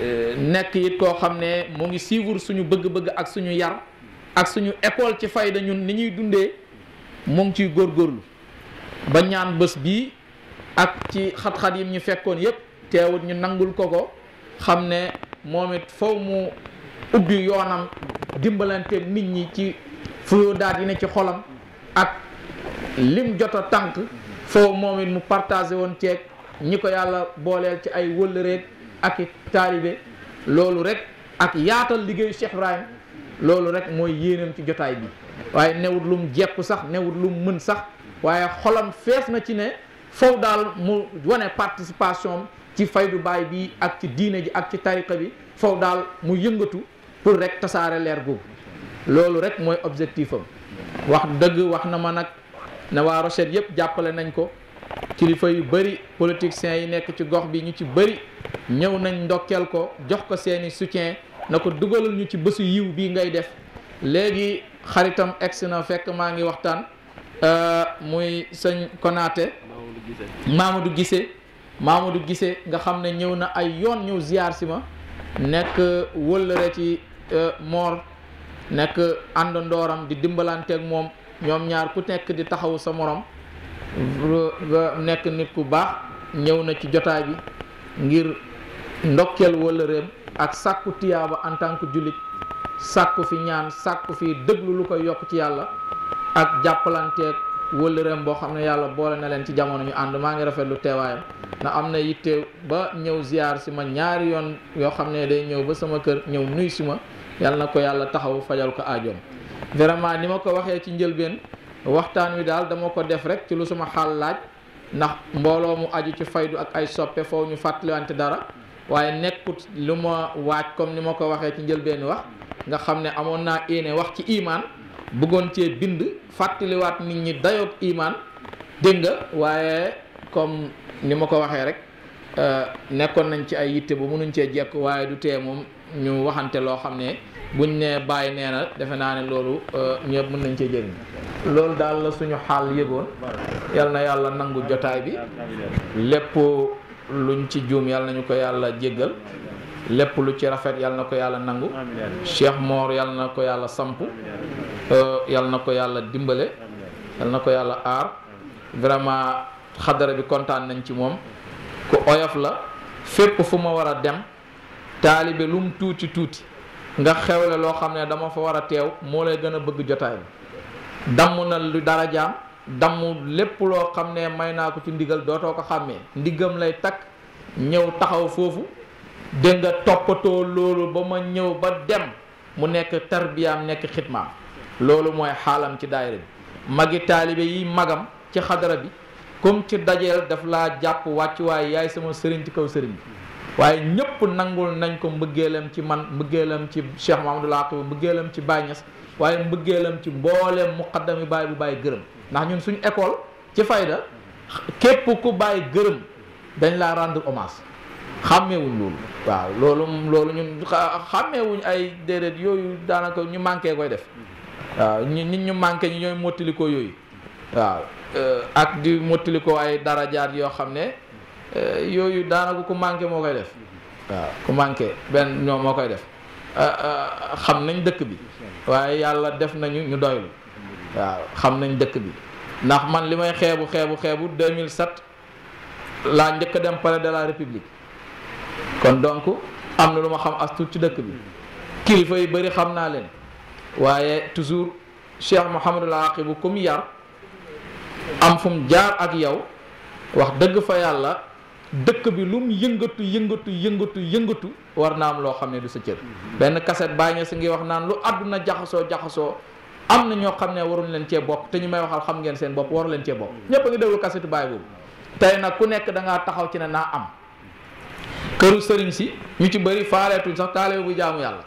eh, nekk it koo xam ne mu ngi suivre suñu bëgg-bëgg ak suñu yar ak suñu école ci fayda ñun ni ñuy dundee mu ngi ciy góorlu ba ñaan bés bii ak ci xat-xat yim ñu fekkoon yépp teewut ñu nangul ko ko xam ne moom it faw mu ubbi yoonam dimbalante nit ñi ci fuyoo daal ne ci xolam ak lim jot a tànk foofu moom it mu partagé woon ceeg ñi ko yàlla booleel ci ay wëllëreeg ak i loolu rek ak yaatal liggéeyu Cheikh Ibrahim loolu rek mooy yéenam ci jotaay bi waaye newut lum jekku sax newut lum mën sax waaye xolam fees na ci ne foofu daal mu wane participation ci fay du baay bi ak ci diine ji ak ci tariqa bi fow daal mu yëngatu pour rek tasaare leer googu loolu rek mooy objectif am wax dëgg wax na ma nag ne waa Rochette yëpp jàppale nañ ko kilifa yu bëri politiciens yi nekk ci gox bi ñu ci bëri ñëw nañ ndokkeel ko jox ko seeni soutien na ko dugalal ñu ci bësu yiw bii ngay def léegi xaritam egsi na fekk maa ngi waxtaan euh, muy sëñ Konaté Mamadou Gissé du gisee nga xam ne ñëw na ay yoon ñëw ziar si ma nekk wëllëre ci euh, Mor nekk ndooram di dimbalanteek moom ñoom ñaar ku nekk di taxaw sa morom nekk nit ku baax ñëw na ci jotaay bi ngir ndokkeel wala réem ak sàkku tiyaaba en tant que jullit sàkku fi ñaan sàkku fi déglu lu koy yokk ci yàlla ak jàppalanteeg wala réem boo xam ne yàlla boole na leen ci jamono ñu ànd maa ngi rafet lu teewaayam na am na yitte ba ñëw ziyaar si ma ñaari yoon yoo xam ne day ñëw ba sama kër ñëw nuy si ma yàlla na ko yàlla taxaw fajal ko aajoom vraiment ni ma ko waxee ci njëlbeen waxtaan wi daal dama ko def rek ci lu suma xaal laaj ndax mbooloo mu aju ci faydu ak ay soppe foo ñu fàttaliwante dara waaye nekkut lu ma waaj comme ni ma ko waxee ci njëlbeen wax nga xam ne amoon naa yéene wax ci imaan bëggoon cee bind fàttaliwaat nit ñi dayoog imaan dégg nga waaye comme ni ma ko waxee rek euh, nekkoon nañ ci ay yitte bu mënuñ cee jekk waaye du tee moom ñu waxante loo xam ne buñ nee bàyyi nee na defe naa ne loolu euh, ñëpp mën nañ cee jëriñ loolu daal la suñu xaal yëgoon yal na yàlla nangu jotaay bi lépp luñ ci juum yal nañu ko yàlla jéggal lépp lu ci rafet yal na ko yàlla nangu Cheikh moor yal na ko yàlla samp euh, yal na ko yàlla dimbale yal na ko yàlla aar vraiment xadara bi kontaan nañ ci moom ku oyof la fépp fu ma war a dem taalibe lu mu tuuti tuuti nga xewle loo xam ne dama fa war a teew moo lay gën a bëgg jotaay bi damm na lu dara jaam damm lépp loo xam ne may naa ko ci ndigal dootoo ko xàmmee ndigam lay takk ñëw taxaw foofu dégg nga toppatoo loolu ba ma ñëw ba dem mu nekk tarbiyaam nekk xitmaam loolu mooy xaalam ci daayira bi magi taalibe yi magam ci xadara bi comme ci dajeel daf laa jàpp wàccuwaay yaay sama sëriñ ci kaw sëriñ bi waaye ñëpp nangul nañ ko mbëggeelam ci man mbëggeelam ci Cheikh Mamadou Latou mbëggeelam ci Baye Niass waaye mbëggeelam ci mbooleem muqaddami baay bu bàyyi gërëm ndax ñun suñu école ci fayda képp ku bàyyi gërëm dañ laa rendre hommage xàmmeewuñ loolu waaw loolu loolu ñun xàmmeewuñu ay déedéet yooyu daanaka ñu manqué koy def waaw ñu nit ñu manqué ñi ñooy mottalikoo yooyu waaw euh, ak di mottalikoo ay darajaat yoo xam ne Eh, yooyu daanaka ku manqué moo koy def mm-hmm. waaw ku manqué benn ñoom moo koy def eh, eh, xam nañ dëkk bi waaye yàlla def nañu ñu doylu waaw xam nañ dëkk bi ndax man li may xeebu xeebu xeebu 2007 laa njëkk a dem palais de la république kon donc am na lu ma xam as tuut ci dëkk bi mm-hmm. kilifa yu bëri xam naa leen waaye toujours Cheikh Mouhamadul Aqibu ku yar am fum mu jaar ak yow wax dëgg fa yàlla dëkk bi lu yëngatu yëngatu yëngatu yëngatu war naa am loo xam ne du sa cër benn kaset baa ñëw si ngi wax naan lu àdduna jaxasoo jaxasoo am na ñoo xam ne waruñ leen cee bokk te ñu may waxal xam ngeen seen bopp waru leen cee bokk ñëpp a ngi déglu kasetu baay boobu tey nag ku nekk da taxaw ci ne naa am këru sëriñ si ñu ci bëri faaleetuñ sax taalibe bu jaamu yàlla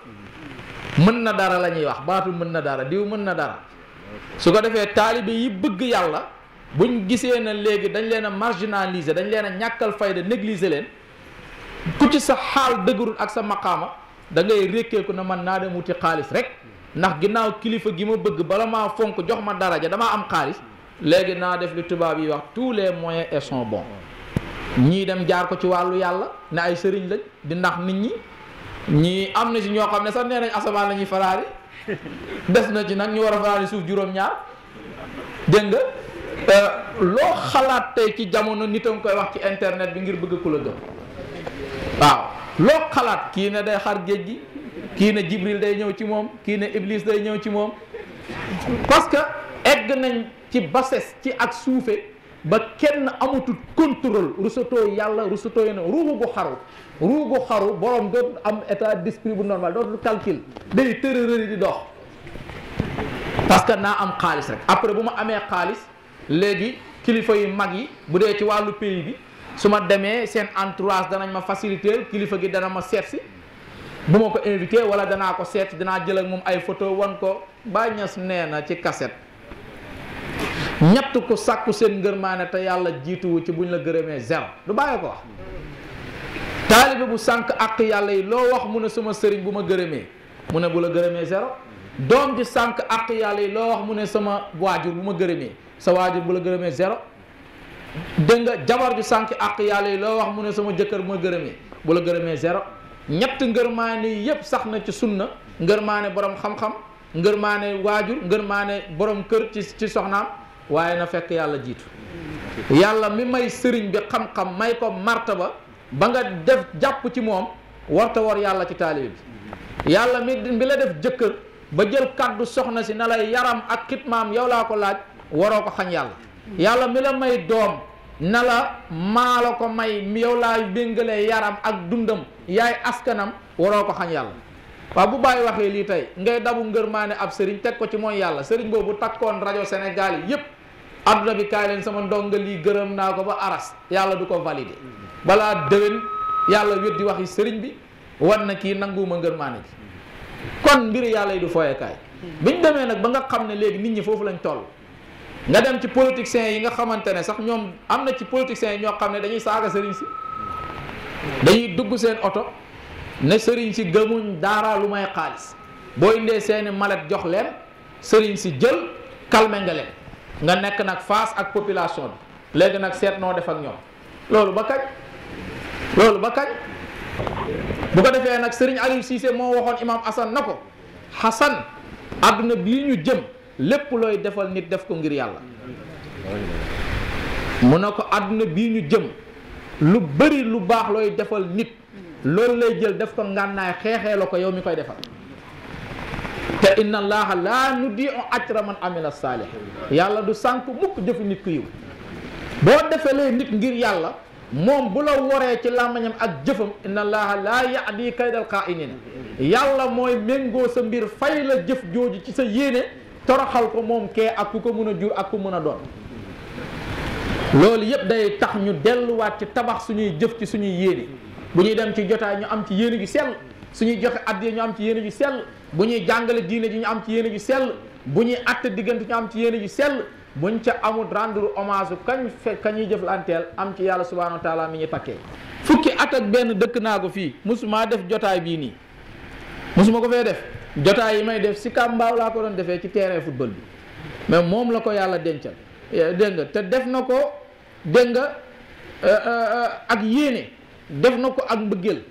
mën na dara la ñuy wax baatul mën na dara diw mën na dara su ko defee taalibe yi bëgg yàlla buñ gisee na léegi dañ leen a marginaliser dañ leen a ñàkkal fayda négliger leen ku ci sa xaal dëgërul ak sa maqaama dangay ngay rékkeeku na man naa dem wuti xaalis rek ndax ginnaaw kilifa gi ma bëgg bala maa fonk jox ma daraja damaa am xaalis léegi naa def li tubaab yi wax tous les moyens sont bon ñii dem jaar ko ci wàllu yàlla ne ay sëriñ lañ di ndax nit ñi ñii am na ci ñoo xam ne sax nee asamaan la ñuy faraari des na ci nag ñu war a faraari suuf juróom dégg nga loo xalaat tey ci jamono nit a koy wax ci internet bi ngir bëgg ku la gëm waaw loo xalaat kii na day xar géej gi kii ne Jibril day ñëw ci moom kii na Iblis day ñëw ci moom parce que egg nañ ci bassesse ci ak suufe ba kenn amatul contrôle rusatoo yàlla rusatoo yéen ruugu gu xaru ruugu xaru borom dootul am état d'esprit bu normal dootul calcul day tërërëri di dox parce que naa am xaalis rek après bu ma amee xaalis léegi kilifa yu mag yi bu dee ci wàllu pays bi su ma demee seen entourage danañ ma faciliter kilifa gi dana ma seet si bu ma ko invité wala danaa ko seet danaa jël moom ay photo wan ko Baay Ñas nee na ci kaset ñett ko sàkku seen ngërmaane te yàlla jiituwu ci buñ la gërëmee zéro du bàyyi wax taalibe bu sànq ak yàlla yi loo wax mu ne sama sëriñ bu ma gërëmee mu ne bu la gërëmee zéro doom ji sànq ak yàlla yi loo wax mu ne sama waajur bu ma gërëmee sa waajur bu la gërëmee zéro dégg nga jabar ju sànq àq yàlla yi loo wax mu ne sama jëkkër ma gërëmee bu la gërëmee zéro ñett ngërmaane yépp sax na ci sunna ngërmaane boroom xam-xam ngërmaane waajur ngërmaane boroom kër ci ci soxnaam waaye na fekk yàlla jiitu yàlla mi may sëriñ bi xam-xam may ko martaba ba ba nga def jàpp ci moom warta war yàlla ci taalibe bi yàlla mi bi la def jëkkër ba jël kàddu soxna si na lay yaram ak xitmaam yow laa ko laaj waroo ko xañ yàlla yàlla mi la may doom na la maa la ko may yow laa béngalee yaram ak dundam yaay askanam waroo ko xañ yàlla waaw bu bàyyi waxee lii tey ngay dabu ngërmaane ab sëriñ teg ko ci mooy yàlla sëriñ boobu takkoon rajo senegal yi yépp adduna bi kaay leen sama ndonga lii gërëm naa ko ba aras yàlla du ko validé balaa déwén yàlla di waxi sëriñ bi war na kii nanguwuma ngërmaane ji kon mbir yàlla yi du fooyekaay biñ demee nag ba nga xam ne léegi nit ñi foofu lañ toll nga dem ci politiciens yi nga xamante ne sax ñoom am na ci politiciens yi ñoo xam ne dañuy saaga sëriñ si dañuy dugg seen oto ne sëriñ si gëmuñ dara lu may xaalis boo indee seeni malet jox leen sëriñ si jël calme nga nekk nag face ak population bi léegi nag seet noo def ak ñoom loolu ba kañ loolu ba kañ bu ko defee nag sëriñ Aliou Cissé moo waxoon imam Assane na ko Assane àdduna bii ñu jëm lépp looy defal nit def ko ngir yàlla mu ne ko àdduna bi ñu jëm lu bari lu baax looy defal nit loolu lay jël def ko ngànnaay xeexee la ko yow mi koy defal te inna allaha laa nudiu ajra man amila saalih yàlla du sànk mukk jëfu nit ku yiw boo defalee nit ngir yàlla moom bu la waree ci làmmañam ak jëfam inna allaha laa yaadi kaydal xaainina yàlla mooy méngoo sa mbir fay la jëf jooju ci sa yéene toroxal ko moom kee ak ku ko mën a jur ak ku mën a doon loolu yëpp day tax ñu delluwaat ci tabax suñuy jëf ci suñuy yéene bu ñuy dem ci jotaay ñu am ci yéene ju sell suñuy joxe addiya ñu am ci yéene ju sell bu ñuy jàngale diine ji ñu am ci yéene ju sell bu ñuy atte diggante ñu am ci yéene ju sell buñ ca amul rendre hommage kañ ñuy kañuy jëflanteel am ci yàlla subhanahu wa taala mi ñu takkee fukki at ak benn dëkk naa ko fii musuma def jotaay bii nii musuma ko fee def jotaay yi may def si kàmbaaw laa ko doon defee ci terrain football bi mais moom la ko yàlla dencal dégg nga te def na ko dégg nga euh, euh, euh, ak yéene def na ko ak mbëggeel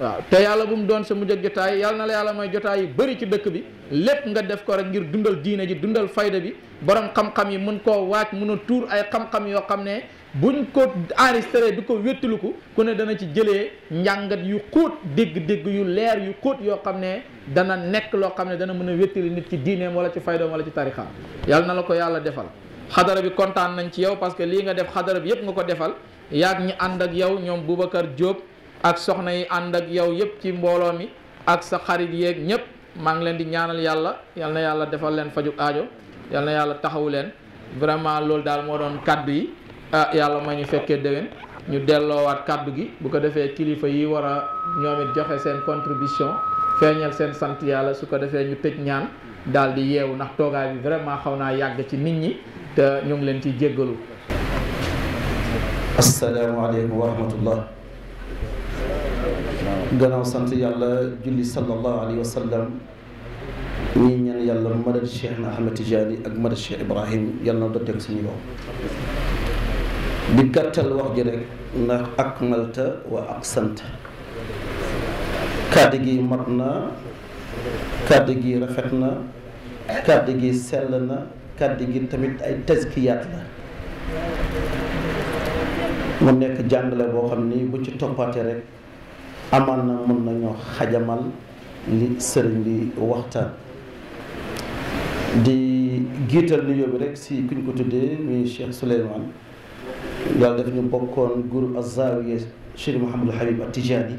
waaw te yàlla bu mu doon sa mujj ak jotaay yàlla na la yàlla mooy jotaay yi bëri ci dëkk bi lépp nga def ko rek ngir dundal diine ji dundal fayda bi borom xam-xam yi mun koo waaj mën a tuur ay xam-xam yoo xam ne buñ ko enregistré di ko wéttaluku ku ne dana ci jële njàngat yu xóot dégg-dégg yu leer yu xóot yoo xam ne dana nekk loo xam ne dana mën a wéttali nit ci diineem wala ci faydoom wala ci tarixaam yàlla na la ko yàlla defal xadara bi kontaan nañ ci yow parce que lii nga def xadara bi yëpp nga ko defal yaag ñi ànd ak yow ñoom Boubacar jóob ak soxna yi ànd ak yow yëpp ci mbooloo mi ak sa xarit yeeg ñëpp maa ngi leen di ñaanal yàlla yal yàlla defal leen fa aajo yal na yàlla taxawu leen vraiment loolu daal moo doon kàddu yi ah yàlla may ñu fekkee déwén ñu delloowaat kàddu gi bu ko defee kilifa yi war a ñoom joxe seen contribution feeñal seen sant yàlla su ko defee ñu tëj ñaan daal di yeewu ndax toogaay bi vraiment xaw naa yàgg ci nit ñi te ñu ngi leen ci jéggalu asalaamaaleykum wa rahmatullah gannaaw sant yàlla julli sallallahu alayhi wa sallam ñii ñaan yàlla madad cheikh na ahmad tijaani ak madad cheikh ibrahim yàlla na dotteeg suñu yow di gàttal wax ji rek ndax akmalta wa ak aqsanta kàddu gi mat na kàddu gi rafet na kàddu gi sell na kàddu gi tamit ay tazkiyaat la mu nekk jàngale boo xam ni bu ci toppaate rek amaan na mën nañoo xajamal li sëriñ bi waxtaan di giital nuyoo bi rek ci kuñ ko tuddee muy Cheikh Souleymane يالله دفن بكون غور الزاوية شير محمد الحبيب التجاني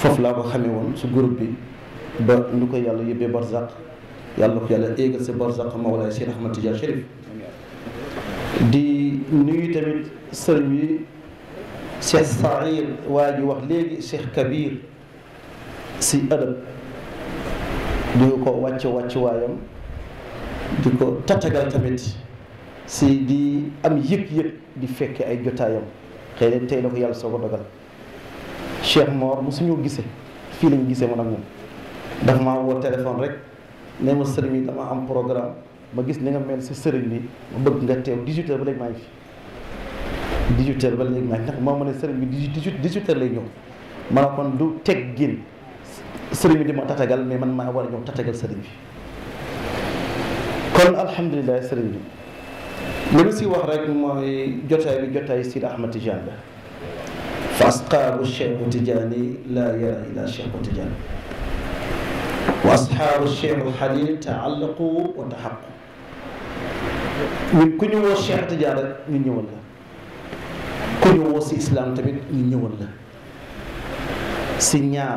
ففلا بخميون سغربي بنوك يالله يبي برزق يالله يالله إيجاد سبرزق ما ولا شير محمد التجاني شير دي نيوت من سلمي شيخ صغير واجي وحلي شيخ كبير سيدب ديوكو واتشو واتشو وايم ديوكو تتجعل تمتي si di am yëg-yëg di fekk ay jotaayam xëy ne tey la ko yàlla soo ko dogal Cheikh Mor mosuñu gisee fii lañu gisee man nag moom dafa maa woo téléphone rek ne ma sëriñ bi dama am programme ma gis ni nga mel si sëriñ bi ma bëgg nga teew 18h ba léegi maa ba léegi maa ngi moo ma ne sëriñ bi 18 18h lay kon du teg génn sëriñ bi di ma tatagal mais man maa war a ñëw tatagal sëriñ bi kon alhamdulilah sëriñ bi. لمسي وحرك ماي جتاي بجتاي سيد أحمد تجاني فاسقاب الشيخ تجاني لا يرى إلى الشيخ تجاني وأصحاب الشيخ الحليل تعلقوا وتحقوا من كنوا الشيخ تجاني من يوم الله أن وسي إسلام تبين من يوم الله سنيا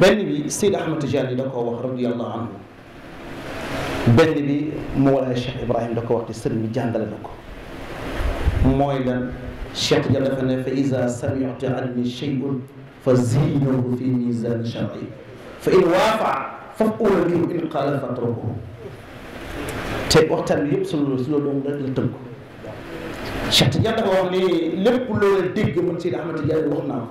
بني سيد أحمد تجاني لك وحرك الله عنه benn bi Mawlana Cheikh Ibrahim da ko wax te sëriñ bi jàngale na ko mooy lan Cheikh Tidiane dafa ne fa iza sami'ta anni shay'un fa zinahu fi mizan shar'i fa in waafa faf'uhu in qala fatrukuhu te waxtaan bi yëpp su loolu su loolu doon rek la tënku Cheikh Tidiane dafa wax ni lépp loola dégg man Seydi Ahmed Tidiane wax naa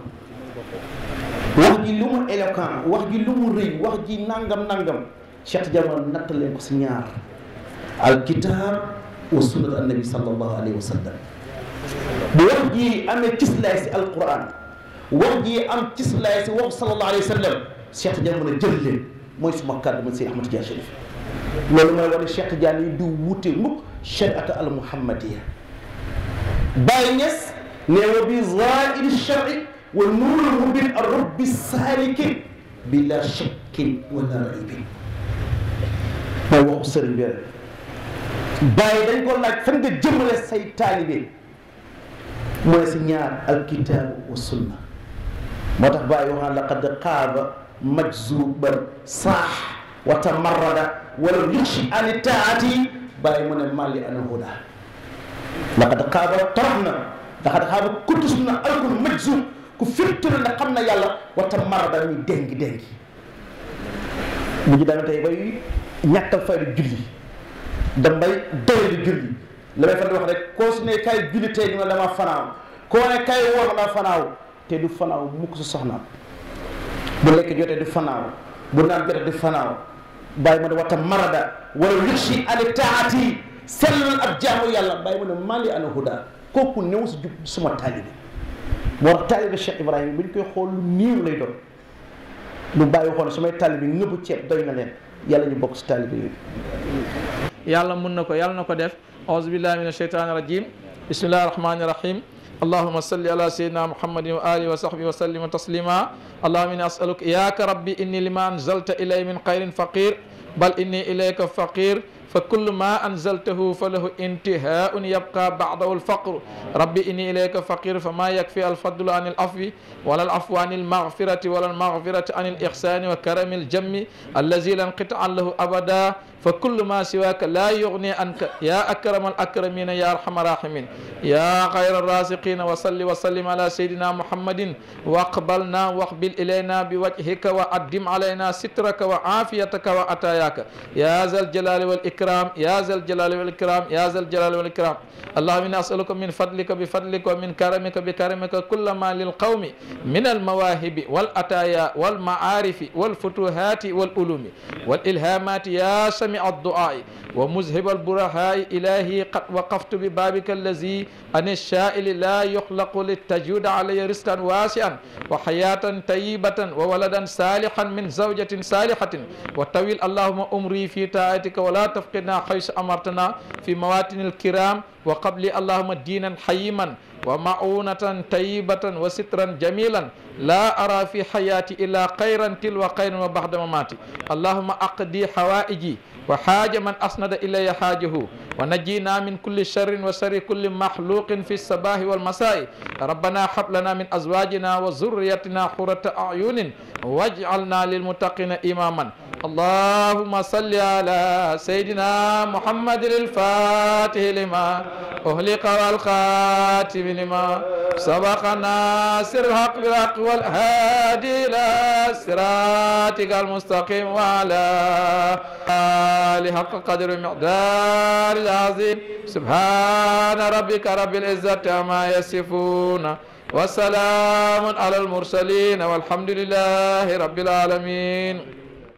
ko wax ji lu mu éloquent wax ji lu mu rëy wax ji nangam nangam. شيخ جمال نتل سنيار الكتاب وسنة النبي صلى الله عليه وسلم وحي أم تسلس القرآن وحي أم تسلس وحي صلى الله عليه وسلم شيخ جمال جل موي سما كاد من سي احمد جاشي لول ما ولي شيخ جاني دو ووتي موك شريعه المحمديه باي نيس نيو بي زائد الشرع والنور المبين الرب السالك بلا شك ولا ريب mooy waxu sëriñ bi rek bàyyi dañ ko laaj fan nga jëmale say taalibe mu ne si ñaar alkitaabu wa sunna moo tax bàyyi waxaan laqad qaaba majzuban saax wa tamarrada walam yuxshi ani taati bàyyi mu ne màlli ana huda laqad qaaba torox na laqad qaaba kutus na alkul majzub ku firtule na xam na yàlla wa tamarrada ñu déngi déngi mu ji daan tey bay ñàkkal fayda julli damay doylu julli la may fan di wax rek koo su ne kay julli tey ñu ne fanaaw koo ne kay woor la fanaaw te du fanaaw mukk si soxnaam bu lekk jotee du fanaaw bu naan jotee du fanaaw bàyyi ma ne wata marada wala yuxi ali yàlla bàyyi ma ne mali ala huda kooku néew si jub suma taalibi moo tax taalibi Cheikh Ibrahima bu ñu koy xool lu néew lay doon lu bàyyi xool su may taalibi ngëbu ceeb doy na leen يالا ني بوك طالبي يالا من نكو يالا نكو ديف اعوذ بالله من الشيطان الرجيم بسم الله الرحمن الرحيم اللهم صل على سيدنا محمد وآله وصحبه وسلم تسليما اللهم اني اسالك اياك ربي اني لما انزلت الي من خير فقير بل اني اليك فقير فكل ما أنزلته فله انتهاء يبقى بعده الفقر ربي إني إليك فقير فما يكفي الفضل عن العفو ولا العفو عن المغفرة ولا المغفرة عن الإحسان وكرم الجم الذي لا انقطع له أبدا فكل ما سواك لا يغني عنك يا أكرم الأكرمين يا أرحم الراحمين يا خير الرازقين وصل وسلم على سيدنا محمد واقبلنا واقبل إلينا بوجهك وأدم علينا سترك وعافيتك وعطاياك يا ذا الجلال والإكرام يا ذا الجلال والإكرام يا ذا الجلال والإكرام اللهم إنا أسألك من فضلك بفضلك ومن كرمك بكرمك كل ما للقوم من المواهب والعطايا والمعارف والفتوحات والعلوم والإلهامات يا سميع سمع الدعاء ومذهب البرهاء إلهي قد وقفت ببابك الذي أن الشائل لا يخلق للتجود علي رزقا واسعا وحياة طيبة وولدا صالحا من زوجة صالحة وطويل اللهم أمري في طاعتك ولا تفقدنا حيث أمرتنا في مواطن الكرام وقبل اللهم دينا حيما ومعونة طيبة وسترا جميلا لا أرى في حياتي إلا خيرا تلو خيرا وبعد مماتي اللهم أقضي حوائجي وحاج من أسند إلي حاجه ونجينا من كل شر وشر كل مخلوق في الصباح والمساء ربنا هب لنا من أزواجنا وزرياتنا قرة أعين واجعلنا للمتقين إماما اللهم صل على سيدنا محمد الفاتح لما أهلق والخاتم لما سبق الناصر الحق بالحق والهادي إلى صراطك المستقيم وعلى آل حق قدر المقدار العظيم سبحان ربك رب العزة عما يصفون وسلام على المرسلين والحمد لله رب العالمين